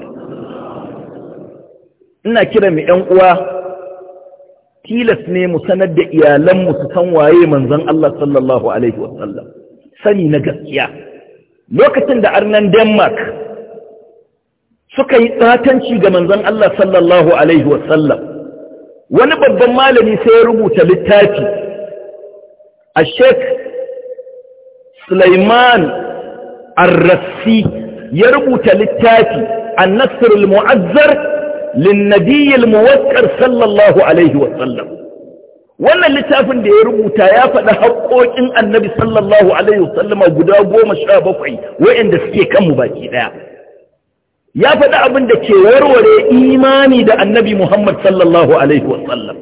ina kira 'yan uwa tilas ne mu sanar da iyalan mu su san waye manzan Allah sallallahu alaihi wasallam sani na gaskiya lokacin da arnan Denmark suka yi tsatanci ga manzon Allah sallallahu alaihi wasallam wani babban malami sai ya rubuta littafi a Sheikh Sulaiman Ar-Rassi ya rubuta littafi An-Nasr al-Mu'azzar lin-Nabiy al-Muwakkar sallallahu alaihi wa sallam wannan littafin da ya rubuta ya faɗi haƙoƙin Annabi sallallahu alaihi wa sallama guda 17 waɗanda suke kanmu baki daya ya faɗi abin da ke warware imani da Annabi Muhammad sallallahu alaihi wa sallam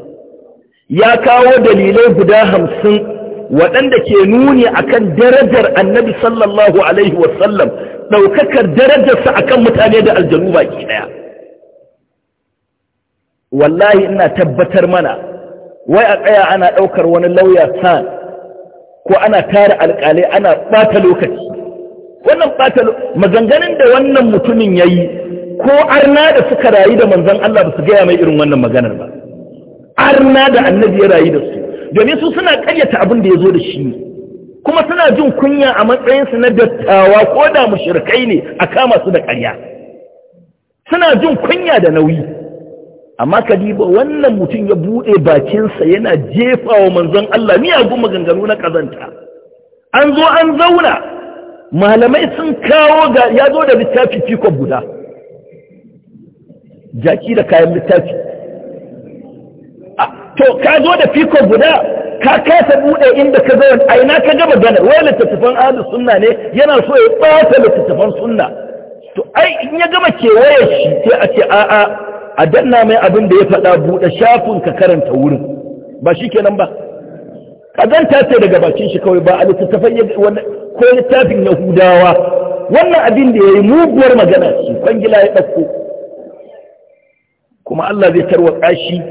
ya kawo dalilai guda hamsin. waɗanda ke nuni akan darajar annabi sallallahu alaihi wasallam ɗaukakar darajarsa akan mutane da aljanu baki ɗaya wallahi ina tabbatar mana wai a tsaya ana ɗaukar wani lauya san ko ana tara alƙalai ana ɓata lokaci wannan ɓata maganganun da wannan mutumin ya yi ko arna da suka rayu da manzon Allah ba su gaya mai irin wannan maganar ba arna da annabi ya rayu da su domin su suna karyata abin da ya zo da shi kuma suna jin kunya a matsayinsu na dattawa ko da mushrikai ne a kama su da karya suna jin kunya da nauyi amma kadiba wannan mutum ya buɗe bakinsa yana jefa wa manzon Allah miyagun maganganu na kazanta an zo an zauna malamai sun kawo ga ya zo da littafi fikon guda jaki da kayan littafi to ka zo da fiko guda ka kasa bude inda ka zo a ina ka gaba gana wai littattafan ahlus sunna ne yana so ya bata littattafan sunna to ai in ya gama kewaye shi sai a ce a'a a danna mai abin da ya faɗa bude shafin ka karanta wurin ba shi kenan ba zan ce daga bakin shi kawai ba a littattafan ko littafin yahudawa wannan abin da ya yi muguwar magana shi kwangila ya ɗauko kuma Allah zai tarwatsa shi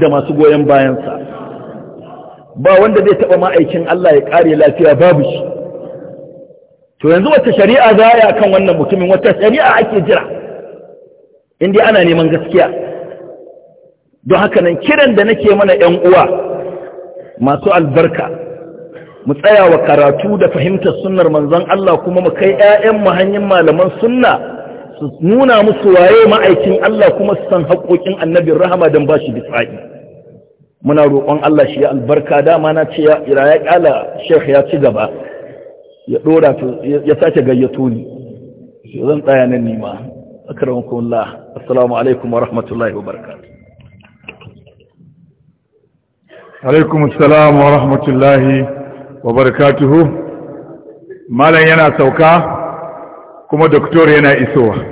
da masu goyon bayansa ba wanda zai taɓa ma'aikin Allah ya ƙare lafiya babu shi to yanzu wata shari'a za a yi kan wannan mutumin wata shari'a ake jira inda ana neman gaskiya don haka nan kiran da nake mana 'yan uwa masu albarka mu tsaya wa karatu da fahimtar sunnar manzon Allah kuma mu kai 'ya'yan mu hanyar malaman sunna su nuna musu waye ma'aikin Allah kuma su san haƙoƙin annabin rahama don ba shi bisa'i muna roƙon Allah shi ya albarka dama na ce ya ira ya ƙyala shekh ya ci gaba ya ɗora ya sake gayyato ni zan tsaya nan nima Allah assalamu alaikum wa rahmatullahi wa barakatuh alaikum as-salam wa rahmatullahi wa barakatuhu malam yana sauka kuma doktor yana isowa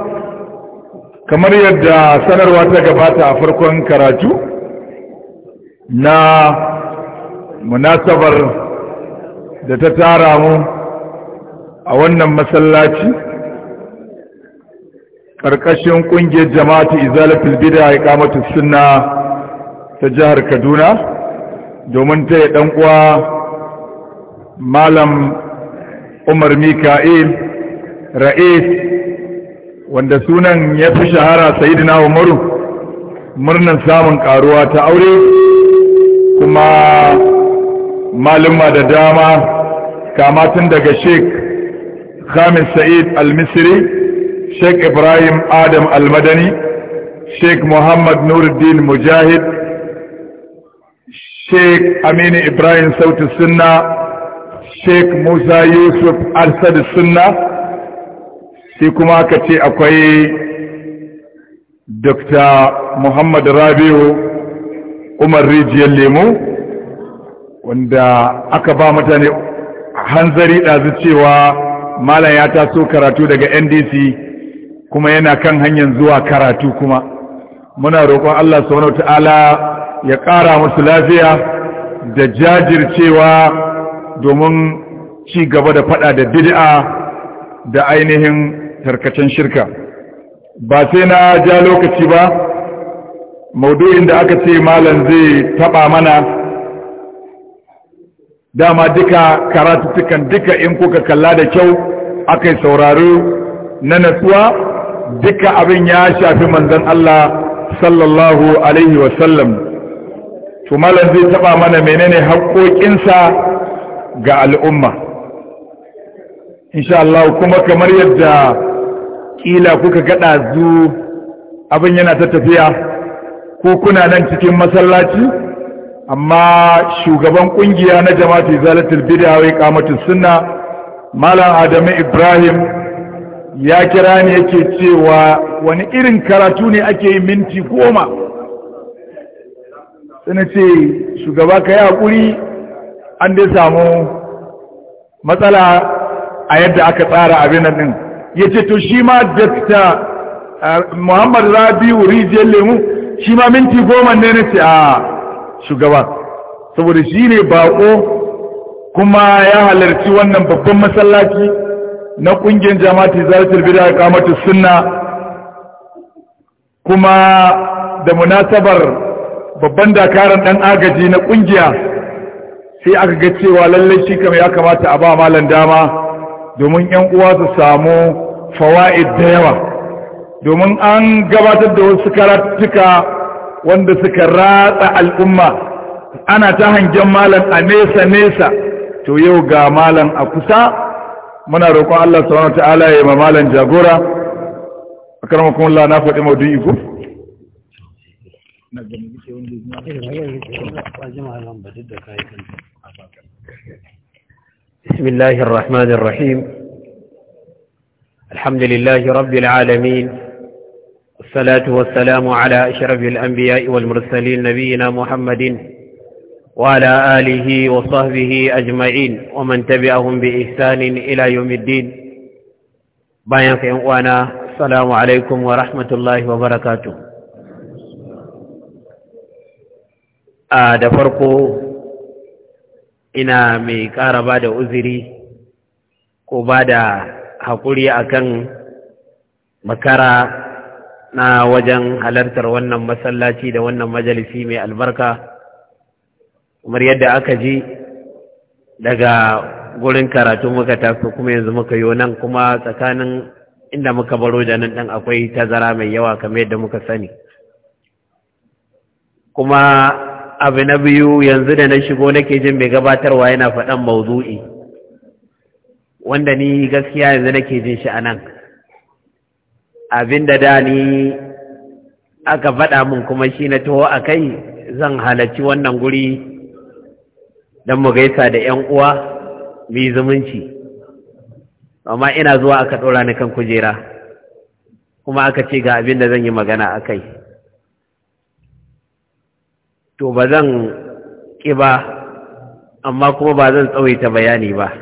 kamar yadda sanarwa ta gabata a farkon karatu na munasabar da ta tara mu a wannan masallaci ƙarƙashin ƙungiyar jama'atu izalatul bid'a iqamatu sunna ta jihar Kaduna domin ta ɗan uwa malam Umar Mika'il Ra'is wanda sunan ya fi shahara sayidina umaru murnan samun karuwa ta aure kuma malumma da dama kamatin daga sheik khamis sa'id al-misri sheik ibrahim adam al-madani sheik muhammad nuruddin mujahid sheik aminu ibrahim sauti sunna sheik musa yusuf al-sadi sunna shi kuma aka ce akwai dr muhammad rabiu umar rijiyar lemu wanda aka ba mutane hanzari ɗazu cewa malam ya taso karatu daga ndc kuma yana kan hanyar zuwa karatu kuma muna roƙon allah subhanahu ta'ala ya ƙara musu lafiya da jajircewa domin ci gaba da fada da bid'a da ainihin tarkacen shirka ba sai na ja lokaci ba maudu'in da aka ce malam zai taba mana dama duka karatuttukan duka in kuka kalla da kyau aka yi sauraro na natsuwa duka abin ya shafi manzan Allah sallallahu alaihi wasallam to malam zai taba mana menene haƙoƙinsa ga al'umma insha Allah kuma kamar yadda kila kuka gaɗa zu abin yana ta tafiya ko kuna nan cikin masallaci amma shugaban ƙungiya na jama'atu zalatul bid'a wa iqamatus sunna malam adamu ibrahim ya kira ni yake cewa wani irin karatu ne ake yi minti goma sai ce shugaba ka yi haƙuri an dai samu matsala a yadda aka tsara abin nan ya ce to shi ma dakta muhammad rabiu rijiyar lemu shi ma minti goma ne na ce a shugaba saboda shi ne bako kuma ya halarci wannan babban masallaci na kungiyar jama'ati zaratul bid'a kamata sunna kuma da munasabar babban dakaran dan agaji na kungiya sai aka ga cewa lallai shi kamar ya kamata a ba malam dama domin yan uwa su samu fawa'id da yawa domin an gabatar da wasu karatuka wanda suka ratsa al'umma ana ta hangen malam a nesa nesa to yau ga malam a kusa muna roƙon Allah subhanahu ta'ala ya ma malam jagora akramakum Allah na faɗi maudu'i ku na ganin wanda ya بسم الله الرحمن الرحيم الحمد لله رب العالمين والصلاة والسلام على أشرف الأنبياء والمرسلين نبينا محمد وعلى آله وصحبه أجمعين ومن تبعهم بإحسان إلى يوم الدين بايك وانا السلام عليكم ورحمة الله وبركاته آه دفرقوا ina mai ƙara ba da uziri ko ba da haƙuri kan makara na wajen halartar wannan masallaci da wannan majalisi mai albarka kamar yadda aka ji daga gurin karatu muka taso kuma yanzu muka yi nan kuma tsakanin inda muka baro da nan ɗan akwai tazara mai yawa kamar yadda muka sani kuma abu na biyu yanzu da na shigo nake jin mai gabatarwa yana faɗan mauzu'i wanda ni gaskiya yanzu nake jin shi a nan abin da da ni aka faɗa min kuma shi na taho a kai zan halarci wannan guri don mu gaisa da 'yan uwa mai zumunci amma ina zuwa aka ɗora ni kan kujera kuma aka ce ga abin da zan yi magana a kai to ba zan ƙi ba amma kuma ba zan tsawaita bayani ba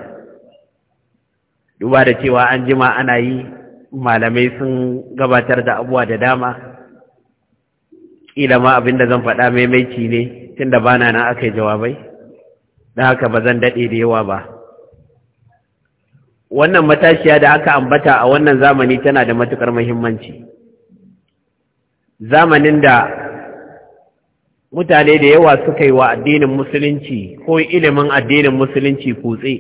duba da cewa an jima ana yi malamai sun gabatar da abuwa da dama ƙila ma abinda zan faɗa maimaici ne tun da bana na aka yi jawabai da haka ba zan daɗe da yawa ba wannan matashiya da aka ambata a wannan zamani tana da matukar muhimmanci zamanin da mutane da yawa suka yi wa addinin musulunci ko ilimin addinin musulunci kutse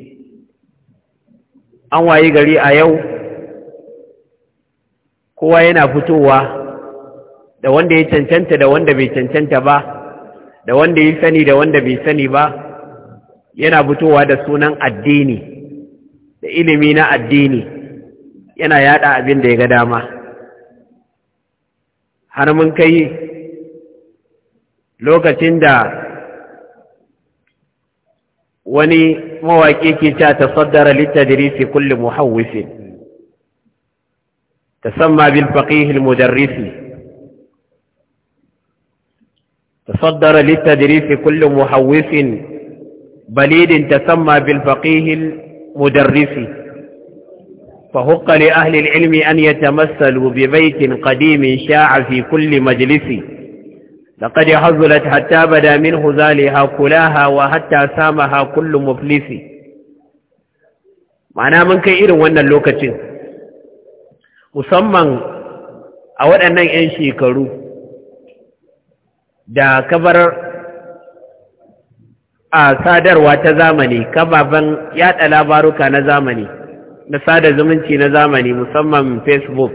an wayi gari a yau kowa yana fitowa da wanda ya cancanta da wanda bai cancanta ba da wanda ya sani da wanda bai sani ba yana fitowa da sunan addini da ilimi na addini yana yada abin da ya ga dama har mun kai lokacin da wani mawaƙi ke ta tasaddara littadirisi kulli muhawwisin tasamma bil faqih al mudarrisi tasaddara littadirisi kulli muhawwisin balidin tasamma bil faqih al mudarrisi فهق لأهل العلم أن يتمثلوا ببيت قديم شاع في كل مجلس لقد هزلت حتى بدا منه ذالها كلاها وحتى سامها كل مفلسي ma'ana mun kai irin wannan lokacin musamman a waɗannan 'yan shekaru da kabar a sadarwa ta zamani kababen yada labaruka na zamani na sada zumunci na zamani musamman facebook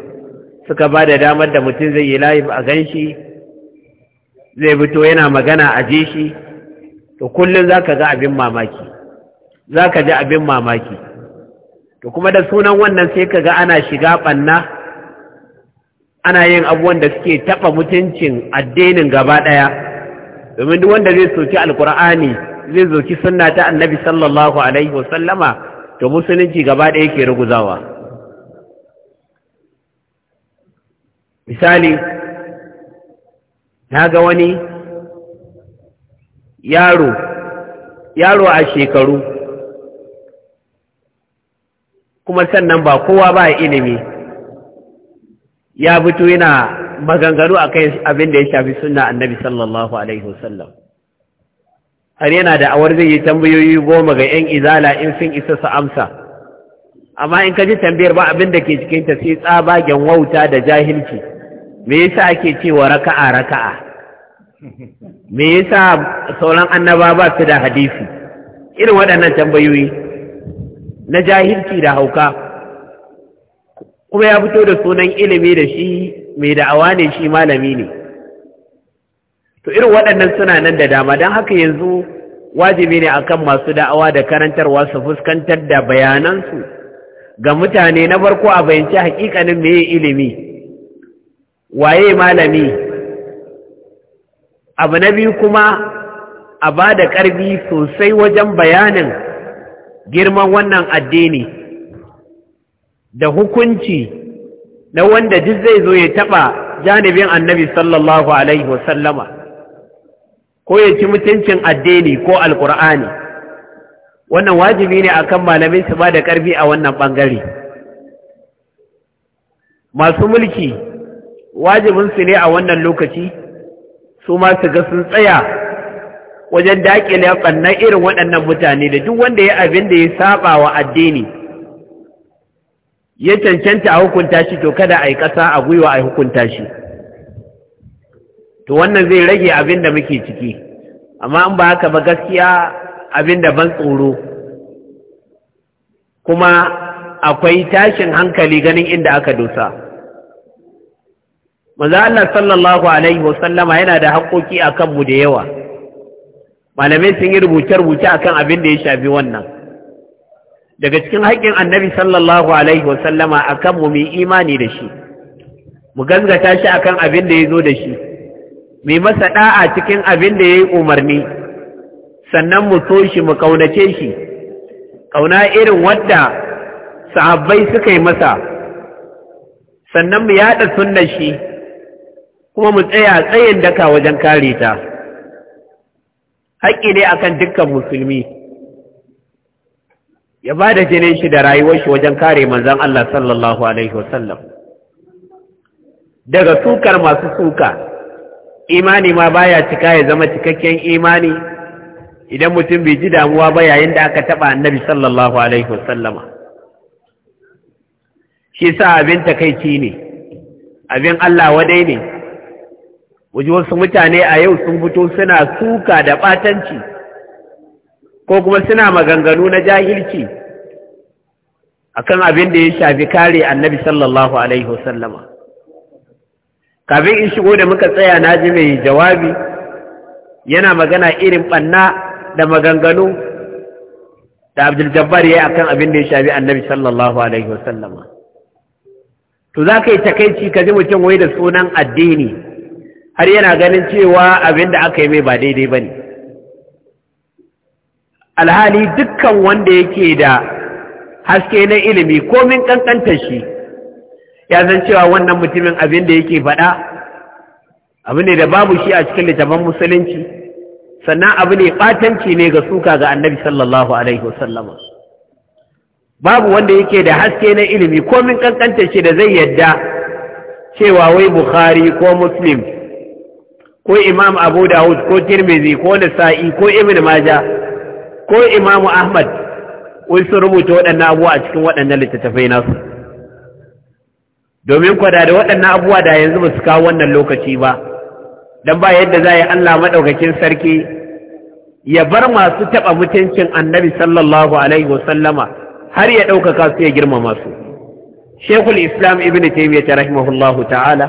suka ba da damar da mutum zai yi live a ganshi zai fito yana magana a je shi to kullum za ka ga abin mamaki za ka ji abin mamaki to kuma da sunan wannan sai ka ga ana shiga ɓanna ana yin abubuwan da suke taɓa mutuncin addinin gaba ɗaya domin duk wanda zai soki alkur'ani zai zoki sunna ta annabi sallallahu alaihi wasallama to musulunci gaba ɗaya ke ruguzawa misali na ga wani yaro yaro a shekaru kuma sannan ba kowa ba ilimi ya fito yana maganganu a kai abin da ya shafi suna annabi sallallahu alaihi wasallam har yana da awar zai yi tambayoyi goma ga 'yan izala in sun isa su amsa amma in ka ji tambayar ba abin da ke cikinta sai tsabagen wauta da jahilci me yasa ake cewa raka'a raka'a me yasa sauran annaba ba su da hadisi irin waɗannan tambayoyi na jahilci da hauka kuma ya fito da sunan ilimi da shi mai da'awa ne shi malami ne to irin waɗannan suna nan da dama don haka yanzu wajibi ne akan masu da'awa da karantarwa su fuskantar da bayanansu ga mutane na farko a bayanci hakikanin meye ilimi waye malami abu na biyu kuma a ba da ƙarfi sosai wajen bayanin girman wannan addini da hukunci na wanda duk zai zo ya taɓa janibin annabi sallallahu alaihi wasallama ko ya ci mutuncin addini ko alkur'ani wannan wajibi ne akan malamin su ba da ƙarfi a wannan ɓangare masu mulki Wajibin su ne a wannan lokaci su ma su ga sun tsaya wajen daƙile ɓannan irin waɗannan mutane da duk wanda ya abin da ya saba wa addini ya cancanta a hukunta shi to kada a yi ƙasa a gwiwa a hukunta shi to wannan zai rage abin da muke ciki amma in ba haka ba gaskiya abin da ban tsoro kuma akwai tashin hankali ganin inda aka dosa. Maza Allah sallallahu alaihi wasallama yana da haƙoƙi a kanmu da yawa malamai sun yi rubuce-rubuce akan abin da ya shafi wannan daga cikin haƙƙin annabi sallallahu alaihi wasallama a kanmu mai imani da shi mu gazgata shi kan abin da ya zo da shi mai masa ɗa'a cikin abin da ya yi umarni sannan mu so shi mu ƙaunace shi Ƙauna irin wadda sahabbai suka yi masa sannan mu yaɗa sunnar shi kuma mu tsaya tsayin daka wajen kare ta haƙƙi ne akan dukkan musulmi ya ba da jinin shi da rayuwar shi wajen kare manzan Allah sallallahu alaihi wasallam daga sukar masu suka imani ma baya cika ya zama cikakken imani idan mutum bai ji damuwa ba yayin da aka taɓa annabi sallallahu alaihi wasallama shi sa abin takaici ne abin Allah wadai ne waje wasu mutane a yau sun fito suna suka da ɓatanci ko kuma suna maganganu na jahilci akan abin da ya shafi kare annabi sallallahu alaihi wasallama kafin in shigo da muka tsaya na ji mai jawabi yana magana irin ɓanna da maganganu da abdul-jabbar ya yi akan abin da ya shafi annabi sallallahu alaihi wasallama to za ka yi takaici ka ji mutum wai da sunan addini har yana ganin cewa abin da aka yi mai ba daidai ba ne alhali dukkan wanda yake da haske na ilimi komin ƙanƙantar shi ya zan cewa wannan mutumin abin da yake faɗa abu ne da babu shi a cikin littafin musulunci sannan abu ne ɓatanci ne ga suka ga annabi sallallahu alaihi wasallama babu wanda yake da haske na ilimi komin ƙanƙantar shi da zai yadda cewa wai bukhari ko muslim ko imam abu dawud ko tirmizi ko nasa'i ko ibn maja ko Imam ahmad wai sun rubuta waɗannan abuwa a cikin waɗannan littattafai nasu domin kwada da waɗannan abuwa da yanzu ba su kawo wannan lokaci ba dan ba yadda za a yi allah maɗaukakin sarki ya bar masu taɓa mutuncin annabi sallallahu alaihi wasallama har ya ɗaukaka su ya girmama su shekul islam ibn taimiyya rahimahullahu ta'ala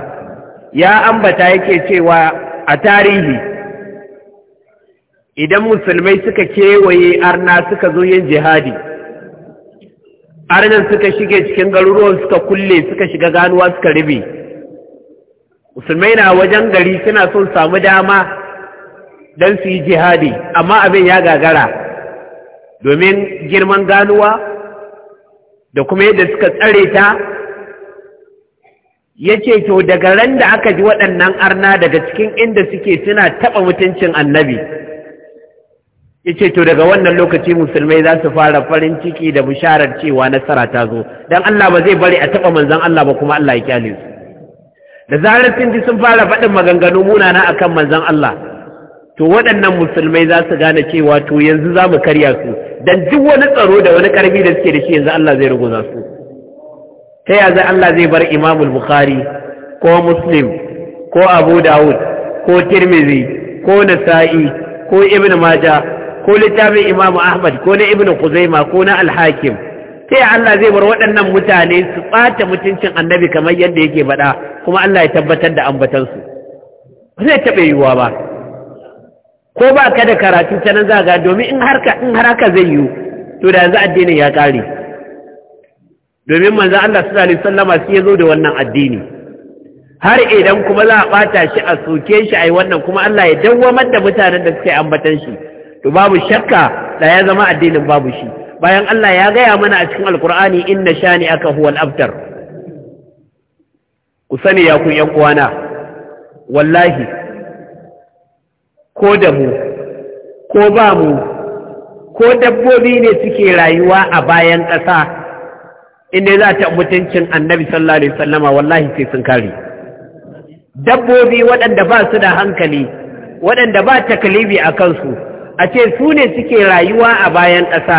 ya ambata yake cewa a tarihi idan musulmai suka kewaye arna suka zo yin jihadi arnan suka shige cikin garuruwan suka kulle suka shiga ganuwa suka ribe musulmai na wajen gari suna son samu dama don su yi jihadi amma abin ya gagara domin girman ganuwa da kuma yadda suka tsare ta ya ce to daga ran da aka ji waɗannan arna daga cikin inda suke suna taɓa mutuncin annabi ya ce to daga wannan lokaci musulmai za su fara farin ciki da bisharar cewa nasara ta zo don Allah ba zai bari a taɓa manzan Allah ba kuma Allah ya kyale su da zarar sun ji sun fara faɗin maganganu munana akan manzan Allah to waɗannan musulmai za su gane cewa to yanzu za mu karya su don duk wani tsaro da wani ƙarfi da suke da shi yanzu Allah zai ruguza su ta ya Allah zai bar imamul bukhari ko muslim ko abu dawud ko tirmizi ko nasa'i ko ibn maja ko littafin imamu ahmad ko na ibn kuzaima ko na alhakim ta ya Allah zai bar waɗannan mutane su ɓata mutuncin annabi kamar yadda yake faɗa kuma Allah ya tabbatar da ambatansu su zai taɓa yiwuwa ba ko ba ka da karatu ta nan za ga domin in har haka zai yiwu to da yanzu addinin ya ƙare domin manzan Allah su alaihi sallama su ya zo da wannan addini har idan kuma za a ɓata shi a soke shi a yi wannan kuma Allah ya dawwamar da mutanen da suka yi ambatan shi to babu shakka da ya zama addinin babu shi bayan Allah ya gaya mana a cikin alkur'ani inna shani aka huwal abtar ku sani ya ku yan uwana wallahi ko da mu ko ba mu ko dabbobi ne suke rayuwa a bayan ƙasa In inda za ta mutuncin annabi sallallahu alaihi wallahi sai sun kare dabbobi waɗanda ba su da hankali waɗanda ba ta takalibi a kansu a ce su ne suke rayuwa a bayan ƙasa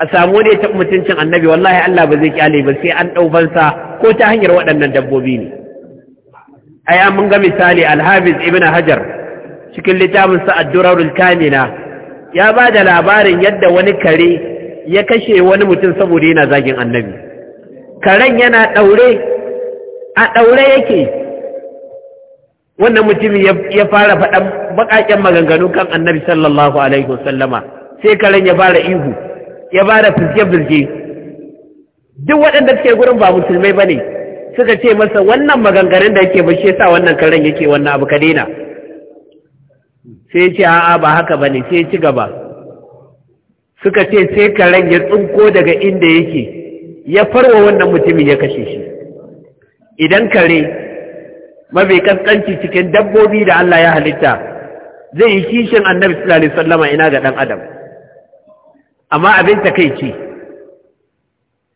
a samu ne ta mutuncin annabi wallahi Allah ba zai kyale ba sai an ɗau ko ta hanyar waɗannan dabbobi ne an mun ga misali alhafiz ibn hajar cikin littafin sa ad-durarul kamina ya ba da labarin yadda wani kare ya kashe wani mutum saboda yana zagin annabi karen yana ɗaure a ɗaure yake wannan mutumin ya fara faɗan baƙaƙen maganganu kan annabi sallallahu alaihi wasallama sai karen ya fara ihu ya fara firge-firge duk waɗanda suke gurin ba musulmai ba ne suka ce masa wannan maganganun da yake ba shi sa wannan karen yake wannan abu ka daina sai ce a'a ba haka ba ne sai ci gaba suka ce sai karen ya tsinko daga inda yake ya farwa wannan mutumin ya kashe shi idan kare mafi kaskanci cikin dabbobi da Allah ya halitta zai yi kishin annabi sallallahu alaihi wasallama ina ga dan adam amma abin takeici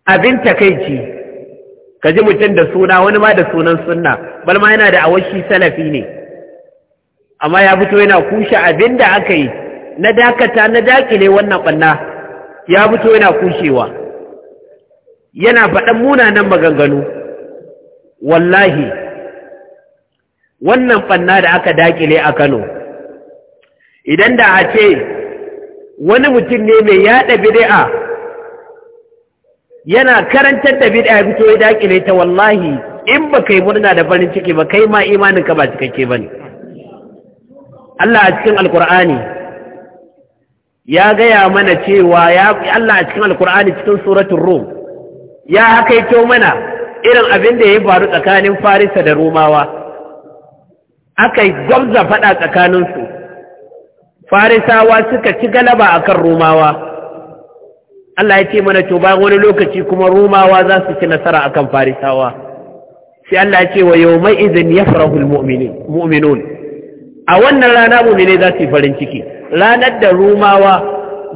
abin takeici kaji mutum da suna wani ma da sunan sunna bal ma yana da awashi salafi ne amma ya fito yana kushe abin da aka yi na dakata na dakile wannan banna ya fito yana kushewa yana faɗan munanan maganganu wallahi wannan ɓanna da aka dakile a Kano idan da a ce wani mutum ne mai yaɗa bid'a yana karantar da bid'a fito ya dakile ta wallahi in ba kai murna da farin ciki ba kai ma imaninka ba cikakke ba ne Allah a cikin alkur'ani ya gaya mana cewa ya Allah a cikin alkur'ani cikin suratul rum ya haka hakaito mana irin abin da ya faru tsakanin farisa da romawa aka yi gwamza faɗa tsakaninsu farisawa suka ci galaba a kan romawa Allah ya ce mana to bayan wani lokaci kuma romawa za su ci nasara a kan farisawa sai Allah ya ce wa yau mai izin ya farahul mu'minun a wannan rana mu'mine za su yi farin ciki ranar da Rumawa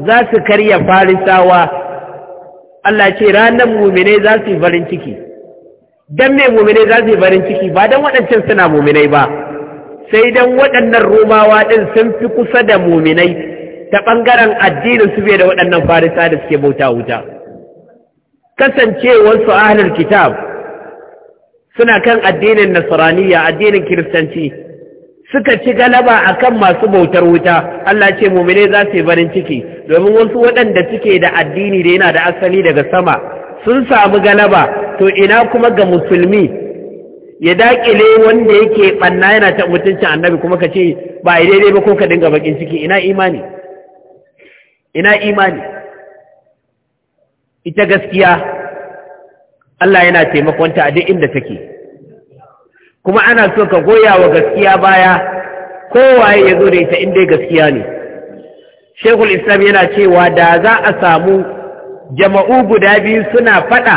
za su karya farisawa Allah ce ranar muminai za su yi farin ciki don me muminai za su yi farin ciki ba don waɗancan suna muminai ba sai don waɗannan romawa ɗin sun fi kusa da muminai ta ɓangaren addinin su bai da waɗannan farisa da suke bauta wuta kasancewarsu ahalar kitab suna kan addinin nasaraniya, addinin kiristanci suka ci galaba a kan masu bautar wuta Allah ce mumine za su yi barin ciki domin wasu waɗanda suke da addini da yana da asali daga sama sun samu galaba to ina kuma ga musulmi ya daƙile wanda yake ɓanna yana ta mutuncin annabi kuma ka ce ba a daidai ba ko ka dinga bakin ciki ina imani ina imani ita gaskiya Allah yana taimakonta a duk inda take kuma ana so ka goya wa gaskiya baya kowaye ya zo da ita inda gaskiya ne shekul islam yana cewa da za a samu jama'u guda biyu suna fada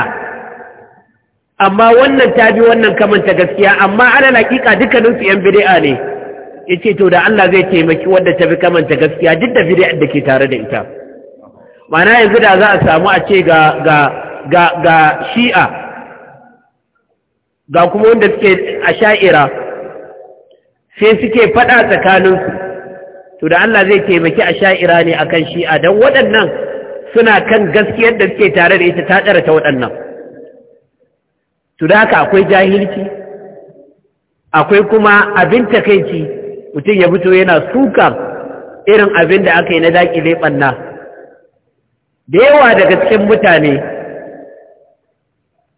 amma wannan ta bi wannan kamanta gaskiya amma ana hakika dukkaninsu yan bidi'a ne ya ce to da Allah zai taimaki wadda ta bi kamanta gaskiya duk da bid'a da ke tare da ita ma'ana yanzu da za a samu a ce ga shi'a ga kuma wanda suke a sha'ira sai suke faɗa tsakaninsu to da Allah zai taimaki a sha'ira ne a kan shi'a don waɗannan suna kan gaskiyar da suke tare da ita ta tsara ta waɗannan to da haka akwai jahilci akwai kuma abin takaici mutum ya fito yana suka irin abin da aka yi na daƙile ɓanna da yawa daga cikin mutane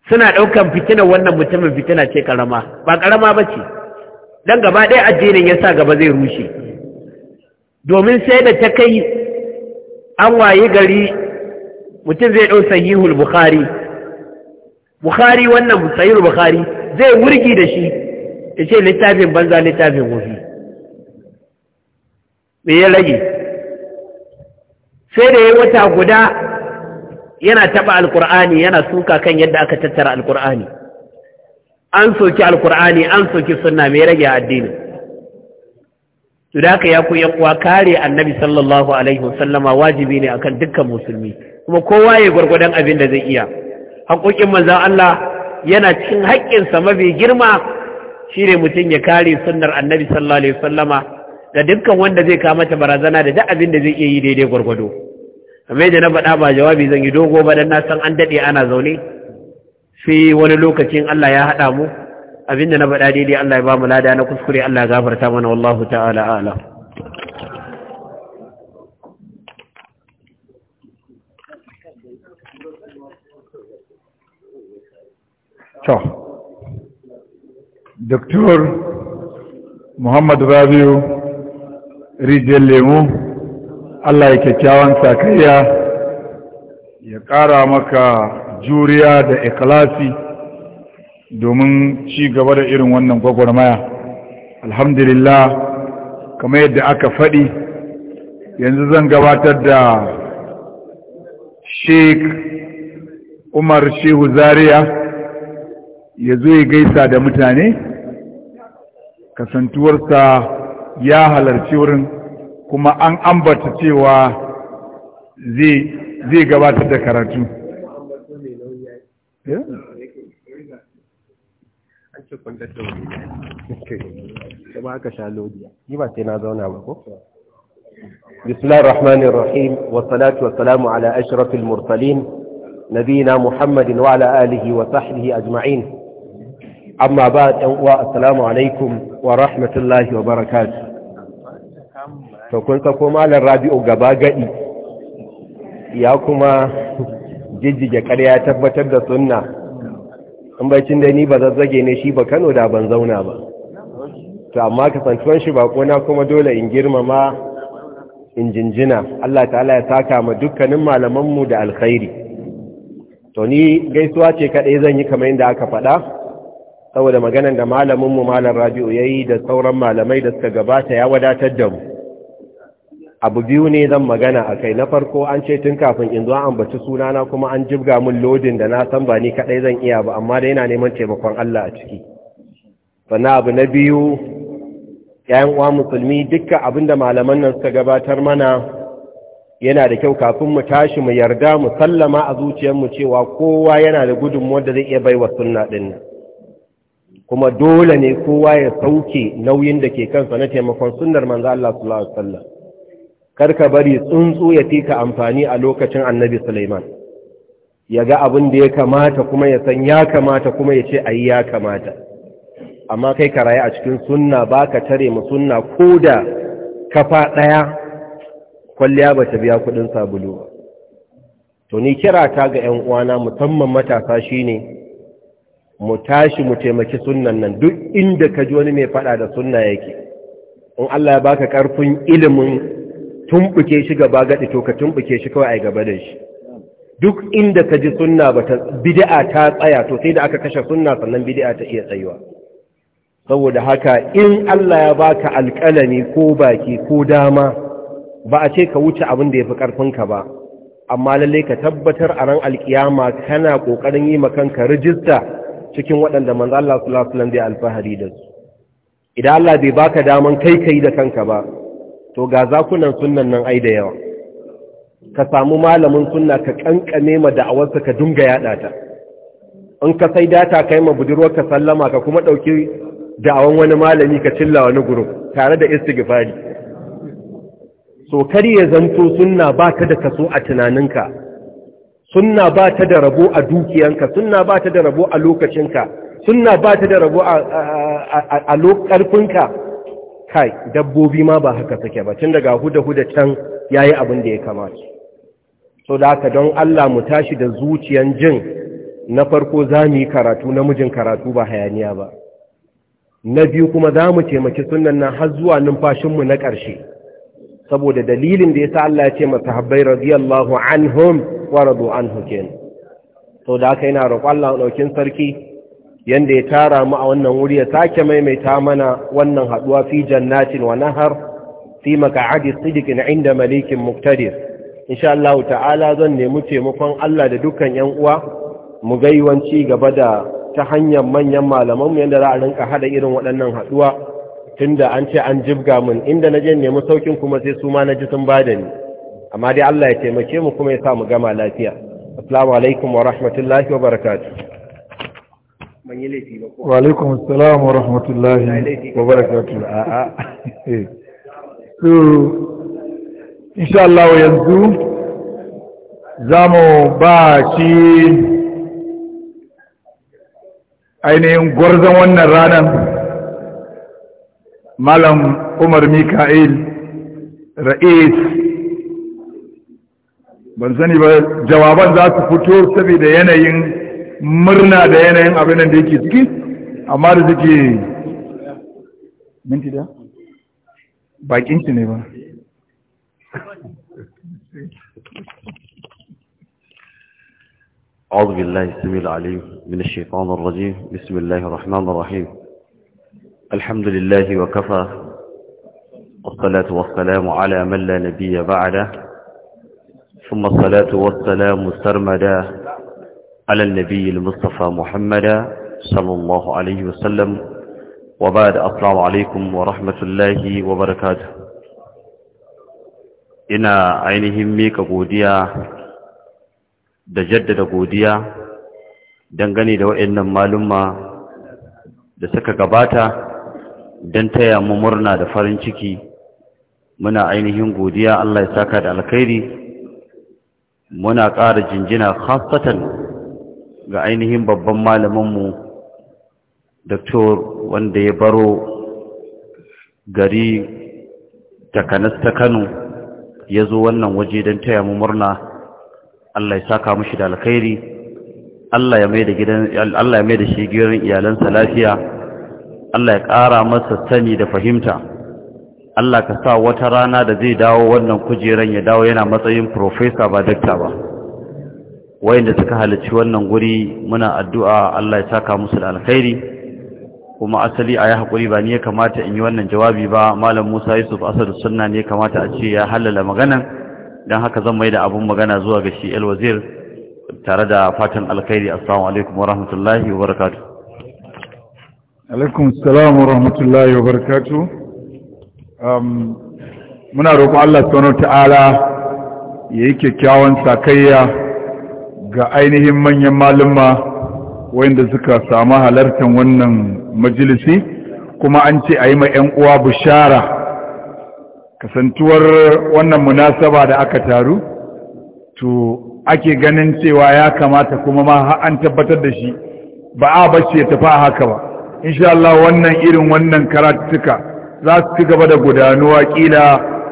suna ɗaukan fitina, wannan mutumin fitina ce karama ba karama ba ce don gaba ɗaya addinin ya sa gaba zai rushe domin sai da ta kai an wayi gari mutum zai ɗau sahihul bukhari bukhari wannan sahihul bukhari zai wurgi da shi ya ce littafin banza littafin wufi me ya rage sai da ya wata guda yana taba alkur'ani yana suka kan yadda aka tattara alkur'ani an soki alkur'ani an soki sunna mai rage addini to da haka ya yan uwa kare annabi sallallahu alaihi wasallama wajibi ne akan dukkan musulmi kuma kowa ya gwargwadon abin da zai iya haƙoƙin manzon Allah yana cikin haƙƙinsa mafi girma shine mutum ya kare sunnar annabi sallallahu alaihi wasallama da dukkan wanda zai kama ta barazana da duk abin da zai iya yi daidai gwargwado kamar da na faɗa ba jawabi zan yi dogo ba dan na san an daɗe ana zaune sai wani lokacin Allah ya haɗa mu abinda na faɗa daidai Allah ya ba mu lada na kuskure Allah ya gafarta mana wallahu ta'ala ala. To, Dr. Muhammad Rabiu Rijiyar Lemu, Allah ya kyakkyawan sakayya ya ƙara maka juriya da ikhlasi domin ci gaba da irin wannan gwagwarmaya alhamdulillah kamar yadda aka faɗi yanzu zan gabatar da sheikh umar shehu zaria ya zo ya gaisa da mutane kasantuwarsa ya halarci wurin kuma an ambata cewa zai gabatar da karatu بسم الله الرحمن الرحيم والصلاة والسلام على أشرف المرسلين نبينا محمد وعلى آله وصحبه أجمعين أما بعد السلام عليكم ورحمة الله وبركاته to kun sako malar rabi'u gaba gadi ya kuma jijjige karya tabbatar da sunna in bacin da ni ba zazzage ne shi ba kano da ban zauna ba to amma kasantuwan shi bakona kuma dole in girmama in jinjina Allah ta'ala ya saka ma dukkanin malamanmu da alkhairi to ni gaisuwa ce kaɗai zan yi kamar yadda aka faɗa saboda maganar da malaminmu malar rabi'u ya yi da sauran malamai da suka gabata ya wadatar da mu abu biyu ne zan magana a kai na farko an ce tun kafin in zuwa ambaci sunana kuma an jibga min lodin da na san ba ni kadai zan iya ba amma da yana neman taimakon Allah a ciki sannan abu na biyu ‘ya'yan uwa musulmi dukkan abinda malaman nan suka gabatar mana yana da kyau kafin mu tashi mu yarda mu sallama a zuciyar mu cewa kowa yana da gudunmuwar da zai iya baiwa sunna din kuma dole ne kowa ya sauke nauyin da ke kansa na taimakon sunnar manzo Allah sallallahu alaihi wasallam karka bari tsuntsu ya fi ka amfani a lokacin annabi Suleiman, ya ga abin da ya kamata kuma ya san ya kamata kuma ya ce ayi ya kamata amma kai ka rayu a cikin sunna ka tare mu sunna ko da kafa ɗaya kwalliya ba ta biya kuɗin sabulu ba to ni kira ta ga 'yan uwana musamman matasa shine mu tashi mu taimaki sunnan nan duk inda ka ji wani mai faɗa da sunna yake in Allah ya baka karfin ilimin tumbuke shi gaba gadi to ka tumbuke shi kawai a gaba da shi duk inda ka ji sunna bata bid'a ta tsaya to sai da aka kashe sunna sannan bid'a ta iya tsayuwa saboda haka in Allah ya baka alƙalami ko baki ko dama ba a ce ka wuce abin da yafi ka ba amma lalle ka tabbatar a ran alkiyama kana kokarin yi kanka rijista cikin waɗanda manzo Allah sallallahu alaihi wasallam bai alfahari da su idan Allah bai baka daman kai kai da kanka ba to ga zakunan sunan nan ai da yawa ka samu malamin sunna ka kankane ma da'awarsa ka dinga yada ta in ka sai data kai ma budurwar ka sallama ka kuma dauki da'awan wani malami ka cilla wani group tare da istighfari so kar ya zanto sunna ba ta da kaso a tunaninka sunna ba da rabo a dukiyanka sunna ba da rabo a lokacinka sunna ba da rabo a karfinka kai dabbobi ma ba haka suke ba tun daga huda-huda can ya yi abin da ya kamata so da haka don Allah mu tashi da zuciyan jin na farko za mu yi karatu namijin karatu ba hayaniya ba na biyu kuma za zamu taimaki sunnan nan har zuwa numfashinmu na ƙarshe saboda dalilin da ya sa Allah ya ce masa habbai radiyallahu anhum wa radu anhu kin so da haka yana roƙon Allah ɗaukin sarki yanda ya tara mu a wannan wuri ya sake maimaita mana wannan haduwa fi jannatin wa nahar fi maka'adi sidikin inda malikin muktadir insha Allah ta'ala zan nemi taimakon Allah da dukkan yan uwa mu ga gaba da ta hanyar manyan malaman mu yanda za a rinka hada irin waɗannan haduwa tunda an ce an jibga mun inda naje nemi saukin kuma sai su ma ji sun bada ni amma dai Allah ya taimake mu kuma ya sa mu gama lafiya assalamu alaikum wa rahmatullahi wa barakatuh ban yi laifi ba wa alaikum wa rahmatullahi wa barakatu. Eh. so insha Allah yanzu zamu ba shi ainihin gwarzon wannan ranar malam Umar Mika'il ra'is ban sani ba jawaban za su fito saboda yanayin murna da yanayin abin da yake ciki amma da suke minti da bakinki ne ba أعوذ بالله السميع العليم من الشيطان الرجيم بسم الله الرحمن الرحيم الحمد لله وكفى والصلاة والسلام على من لا نبي بعده ثم الصلاة والسلام سرمدا على النبي المصطفى محمد صلى الله عليه وسلم وبعد السلام عليكم ورحمة الله وبركاته ina ainihin mika godiya da jaddada godiya dangane da waɗannan malumma da suka gabata don taya mu murna da farin ciki muna ainihin godiya Allah ya saka da alkhairi muna ƙara jinjina khasatan ga ainihin babban malaminmu doktor wanda ya baro gari takanas ta kano ya zo wannan waje don taya mu murna allah ya saka mushi da alkhairi allah ya mai da shi girin iyalansa lafiya allah ya ƙara masa sani da fahimta Allah ka sa wata rana da zai dawo wannan kujeran ya dawo yana matsayin profesa ba dakta ba wayanda suka halarci wannan guri muna addu'a Allah ya saka musu da alkhairi kuma asali a ya haƙuri ba ni ya kamata in yi wannan jawabi ba malam musa yusuf asadu sunna ne ya kamata a ce ya halala maganan don haka zan mai da abun magana zuwa ga shi elwazir tare da fatan alkhairi assalamu alaikum wa rahmatullahi wa barakatu alaikum assalamu wa rahmatullahi wa barakatu um, muna roƙon Allah subhanahu wa ta'ala yayi kyakkyawan sakayya ga ainihin manyan malumma wanda suka samu halartar wannan majalisi kuma an ce a yi ma 'yan uwa bishara kasantuwar wannan munasaba da aka taru to ake ganin cewa ya kamata kuma ma an tabbatar da shi ba a bace tafi a haka ba insha Allah wannan irin wannan karatuka za su ci gaba da gudanuwa kila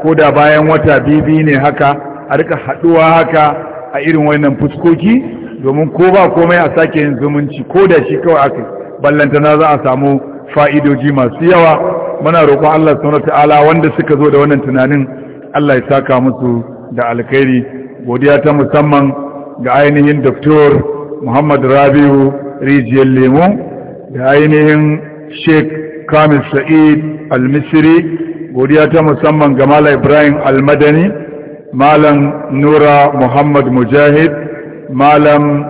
ko da bayan wata bibi ne haka a rika haduwa haka a irin wannan fuskoki domin ko ba komai a sake yin zumunci ko da shi kawai aka na za a samu fa'idoji masu yawa muna roƙon Allah subhanahu ta'ala wanda suka zo da wannan tunanin Allah ya saka musu da alkhairi godiya ta musamman ga ainihin Dr. Muhammad Rabiu Rijiyar Lemo da ainihin Sheikh Kamil Sa'id Al-Misri godiya ta musamman ga Mala Ibrahim Al-Madani malam nura muhammad mujahid malam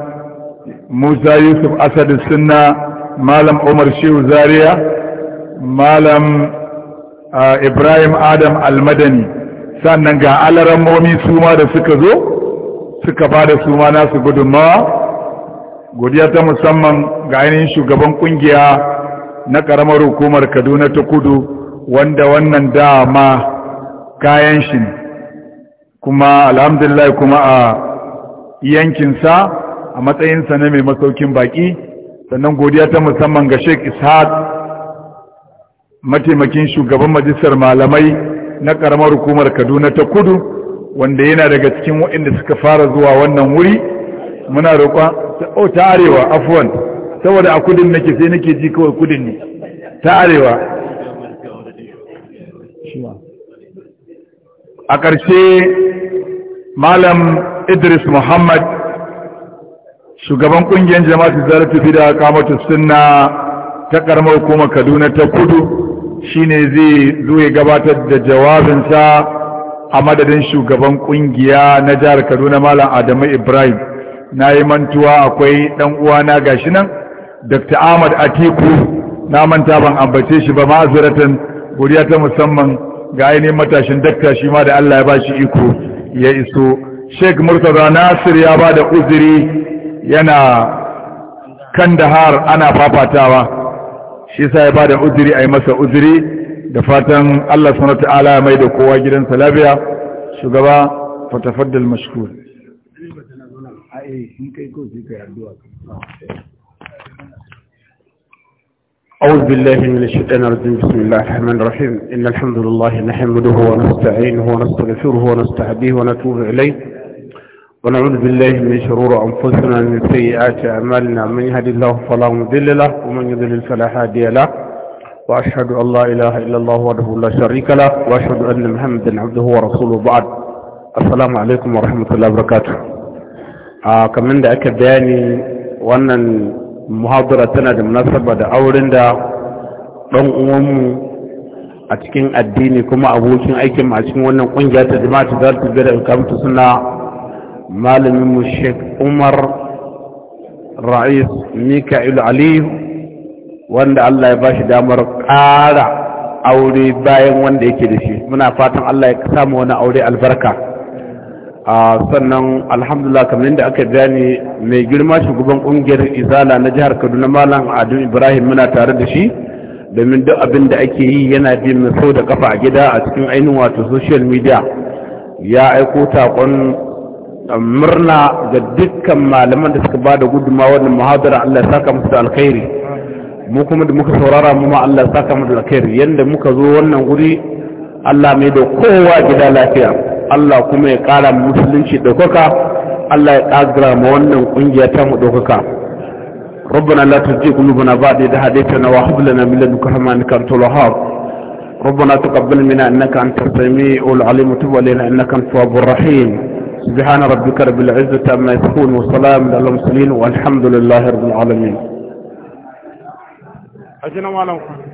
musa yusuf Asad sunna malam umar shehu zaria malam uh, ibrahim adam almadani sannan ga alaran momi suma da suka zo suka ba bada suma nasu gudunmawa godiya ta musamman ga ainihin shugaban kungiya na karamar hukumar kaduna ta kudu wanda wannan dama kayan shi ne kuma alhamdulillah kuma a yankinsa a matsayinsa na mai masaukin baki sannan godiya ta musamman ga sheik ishaq mataimakin shugaban majalisar malamai na karamar hukumar kaduna ta kudu wanda yana daga cikin waɗanda suka fara zuwa wannan wuri muna roƙon oh, ta arewa afuwan saboda a kudin nake sai nake ji kawai kudin ne ta arewa a ƙarshe malam idris muhammad shugaban ƙungiyar jama'atu zarafi da kamatu sunna ta ƙarmar kuma kaduna ta kudu shine zai zo ya gabatar da jawabinsa a madadin shugaban ƙungiya na jihar kaduna malam adamu ibrahim na yi mantuwa akwai ɗan uwana gashi nan dr ahmad atiku na manta ban ambace shi ba ma'aziratan guriya ta musamman ga ainihin matashin dakta shi ma da Allah ya bashi iko ya iso Sheikh Murtaza Nasir ya ba da uzuri yana Kandahar ana fafatawa shi sa ya ba da uzuri a yi masa uzuri da fatan Allah subhanahu ta'ala ya mai da kowa gidansa lafiya shugaba fatafaddal mashkur a eh أعوذ بالله من الشيطان الرجيم بسم الله الرحمن الرحيم إن الحمد لله نحمده ونستعينه ونستغفره ونستهديه ونتوب إليه ونعوذ بالله من شرور أنفسنا ومن سيئات أعمالنا من يهد الله فلا مضل له ومن يضلل فلا هادي له وأشهد أن لا إله إلا الله وحده لا شريك له وأشهد أن محمدا عبده ورسوله بعد السلام عليكم ورحمة الله وبركاته آه كمان ده يعني وأن muhabara tana da munasaba da auren da ɗan uwanmu a cikin addini kuma abokin aikin a cikin wannan ƙungiya ta jama'a ta zartu biyar da kamta suna malamin mu umar ra'is mika'il aliyu wanda allah ya bashi damar ƙara aure bayan wanda yake da shi muna fatan allah ya samu wani aure albarka sannan alhamdulillah kamar yadda aka gani mai girma shugaban kungiyar izala na jihar kaduna malam adu ibrahim muna tare da shi domin duk abin da ake yi yana mai sau da kafa a gida a cikin ainihin wato social media ya aiko takon um, murna ga dukkan malaman da suka bada guduma wannan muhadara Allah saka musu da alkhairi mu kuma da muka saurara mu ma Allah saka musu da alkhairi yanda muka zo wannan guri Allah mai da kowa gida lafiya Allah kuma ya ƙara musulunci ɗaukaka Allah ya ƙagra ma wannan ƙungiya ta mu ربنا لا تزغ قلوبنا بعد إذ هديتنا وهب لنا من لدنك رحمة إنك أنت الوهاب ربنا تقبل منا إنك أنت السميع العليم وتب علينا إنك أنت التواب الرحيم سبحان ربك رب العزة عما يصفون وسلام على المرسلين والحمد لله رب العالمين أجنا معلومكم